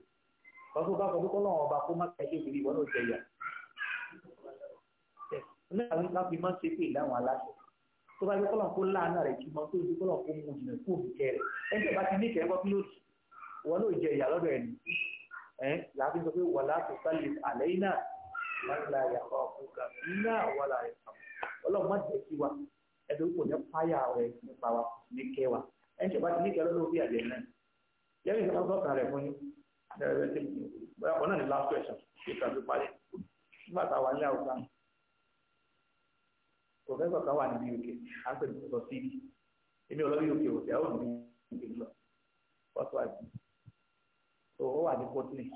ọdún bá fọ́ fọ́ ọlọ́run ọba kó má tẹ̀yìn ìbìrì ìwọ́n ló jẹ ìyà tó bá yẹ kọ́lọ̀ kó láàánú rẹ̀ jùmọ̀ tó yẹ kọ́lọ̀ kó mu jìnnà kó òbí jẹ rẹ̀ ẹni tó bá ti ní ìkẹ́kọ̀ọ́ kí ló dì wọn náà jẹ ìyá lọ́dọ̀ ẹni ẹ̀ làbí sọ pé wà láti sálẹ̀ àlẹ́ iná wọn là yà kọ́ ọ̀gá iná wà là yà ọlọ́run má jẹ́ sí wa ẹ̀dọ́ kò ní páyà rẹ̀ nípa wa ní kẹ́ wa ẹni tó bá ti ní ìkẹ́ lọ́dọ̀ òbí àjẹ náà yẹ́nì ìjọba sọ̀kan rẹ̀ fún yín ọ̀nà last question ṣe kàbí parí nígbà táwa professor kan wà ní uk à ń pè ní sọ síbi èmi ò lọ uk ò sí àwọn òbí uk lọ first wife so ó wà ní pọtney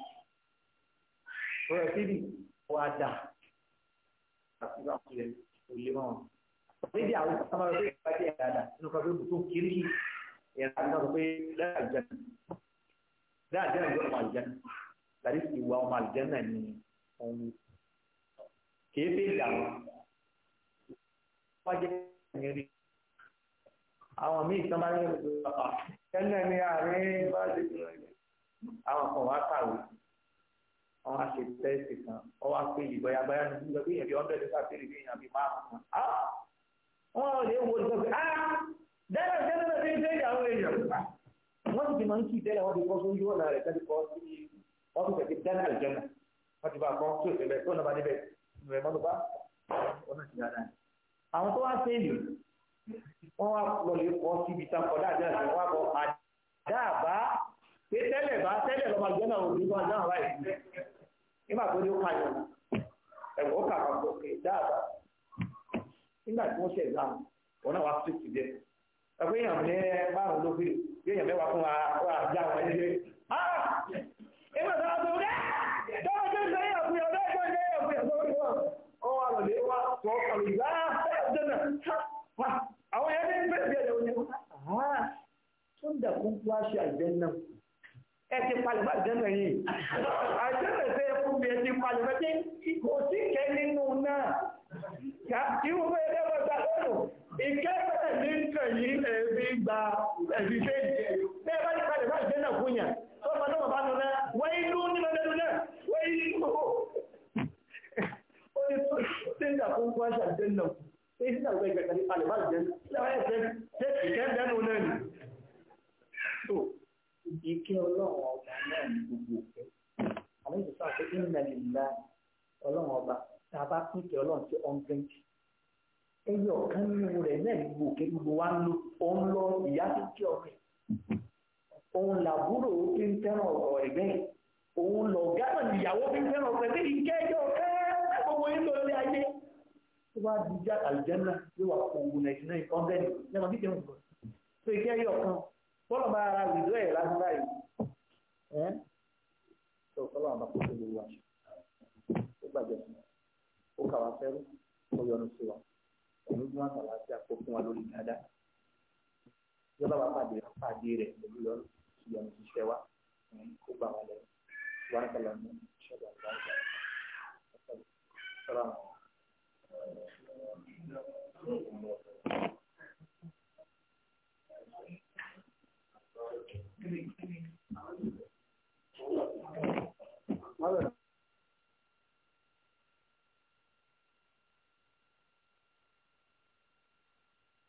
professor síbi ó wá dà àti bá wọn lè kò lè mọ wọn níbi àwọn ọmọ rẹ pé ìpàdé ẹ̀ dáadáa nínú kan fún tó kiri ẹ̀rọ àti náà sọ pé lẹ́yìn àjẹmí lẹ́yìn àjẹmí yóò mọ àjẹmí tàbí ìwà ọmọ àjẹmí náà ni òun kì í fi ìdààmú wọ́n jẹ́ ìyẹn rí àwọn míì tán bá ní ìlú pàpà tẹ́lẹ̀ ní àárín bá ṣe rẹ̀ àwọn kan wá kàwé àwọn aṣètẹ́sì kan wọ́n wá pé ìgbà ya báyà ní ìgbà bí ìyẹ̀bí ọ̀dọ́ ìdíkà sí ìrìbí ìyàn bí márùn-ún kan ah! wọ́n lè wo ìgbà pé ah dẹ́rẹ́ dẹ́rẹ́ ti ń dé ìyàwó èèyàn wọ́n ti máa ń kí ìdẹ́rẹ́ wọn ti kọ́ sójú ọ̀nà rẹ̀ tẹ́lẹ̀ kọ́ sí ọ́fíìsì ti dẹ́rẹ́ àlùjọ́nà wọ́n ti bá a kọ́ tó ìṣẹ̀lẹ̀ tó náà bá níbẹ̀ ìrẹ̀mọ́nù bá ọ̀nà ìṣẹ̀lẹ̀ àwọn tó wá sí èlò wọ́n wá lọlé kọ́ síbi tá kọ́ dáadáa àti bọ́ kọ́ pé tẹ́lẹ̀ bá tẹ́lẹ̀ lọ́mọ àgbẹ̀ náà òbí wọn náà wáyé nígbà tó ní ó kàyọ̀ ẹ̀wọ̀n ó kọ́ nígbà tí wọ́n ṣe ìgbà wọn náà wá sí ti dẹ ẹgbẹ́ èèyàn mẹ́ márùn ló nan a waya ne bai biya da wani ha tun da kun kwashe aljannan ẹ ti palẹ̀mọ́ àjẹ́nà yìí àjẹ́nà tẹ́ ẹ fún mi ẹ ti palẹ̀mọ́ tí kò sí ìkẹ́ nínú náà irú bẹ́ẹ̀ dẹ́gbẹ́ gba lọ́rùn ìkẹ́ bẹ́ẹ̀ ní nǹkan yìí ẹ̀bí gba ẹ̀bí kéjì bẹ́ẹ̀ bá ti palẹ̀mọ́ àjẹ́nà fún yàn tó bá lọ́wọ́ bá lọ náà wọ́n inú nínú lẹ́nu náà wọ́n inú ó ní tó ṣe ń dà fún kó àṣà àjẹ́nà fún èyí náà gbé ìgbẹ̀kẹ̀ ní palẹ̀ báyìí jẹ́ lẹ́wọ̀n ẹ̀sẹ̀ jẹ́ ìkẹ́ lẹ́nu náà ni. tó ìkẹ́ ọlọ́run ọba náà ní gbogbo òfin àwọn ìdòtò àti ìmẹ̀lì ńlá ọlọ́run ọba tá a bá pín kí ọlọ́run sí ọ̀ngẹ́ǹtì ẹyẹ ọ̀kan nínú rẹ̀ náà ní gbogbo òkè gbogbo wa ń lo òun lọ ìyá tó kí ọkẹ́ òun làbúrò fi ń fẹ́ràn ọ̀rọ̀ ẹ̀gbẹ́ òun lọ̀gá náà ìyàwó fi ń fẹ́ràn ọ̀rọ̀ ẹ̀gbẹ́ ìkẹ́ ẹyẹ ọ̀kan gbogbo yín lọ ayé tó bá di já àlùjẹ́nà yóò wà òwò nàìjíríà náà ọ̀gẹ́dì lẹ́mọ̀ bí kẹ́hìn bọ̀. tó ìkẹ́ yọ̀ kan bọ́lọ̀ bá ara rìdó ẹ̀ lásán báyìí. ẹ̀ tó tọ́lọ̀ àbá kó tó lè wá ó gbàgbé fún ó kà wá fẹ́rú ó yọnu sí wa ẹ̀mí gbọ́n àtàlàáfíà kó fún wa lórí dáadáa. yọba wa pàdé pàdé rẹ̀ pẹ̀lú yọnu yọnu ṣiṣẹ́ wa kó gbà wá lẹ́nu wàhálà lọ́nà ṣọ́ọ̀bù àgbà Thank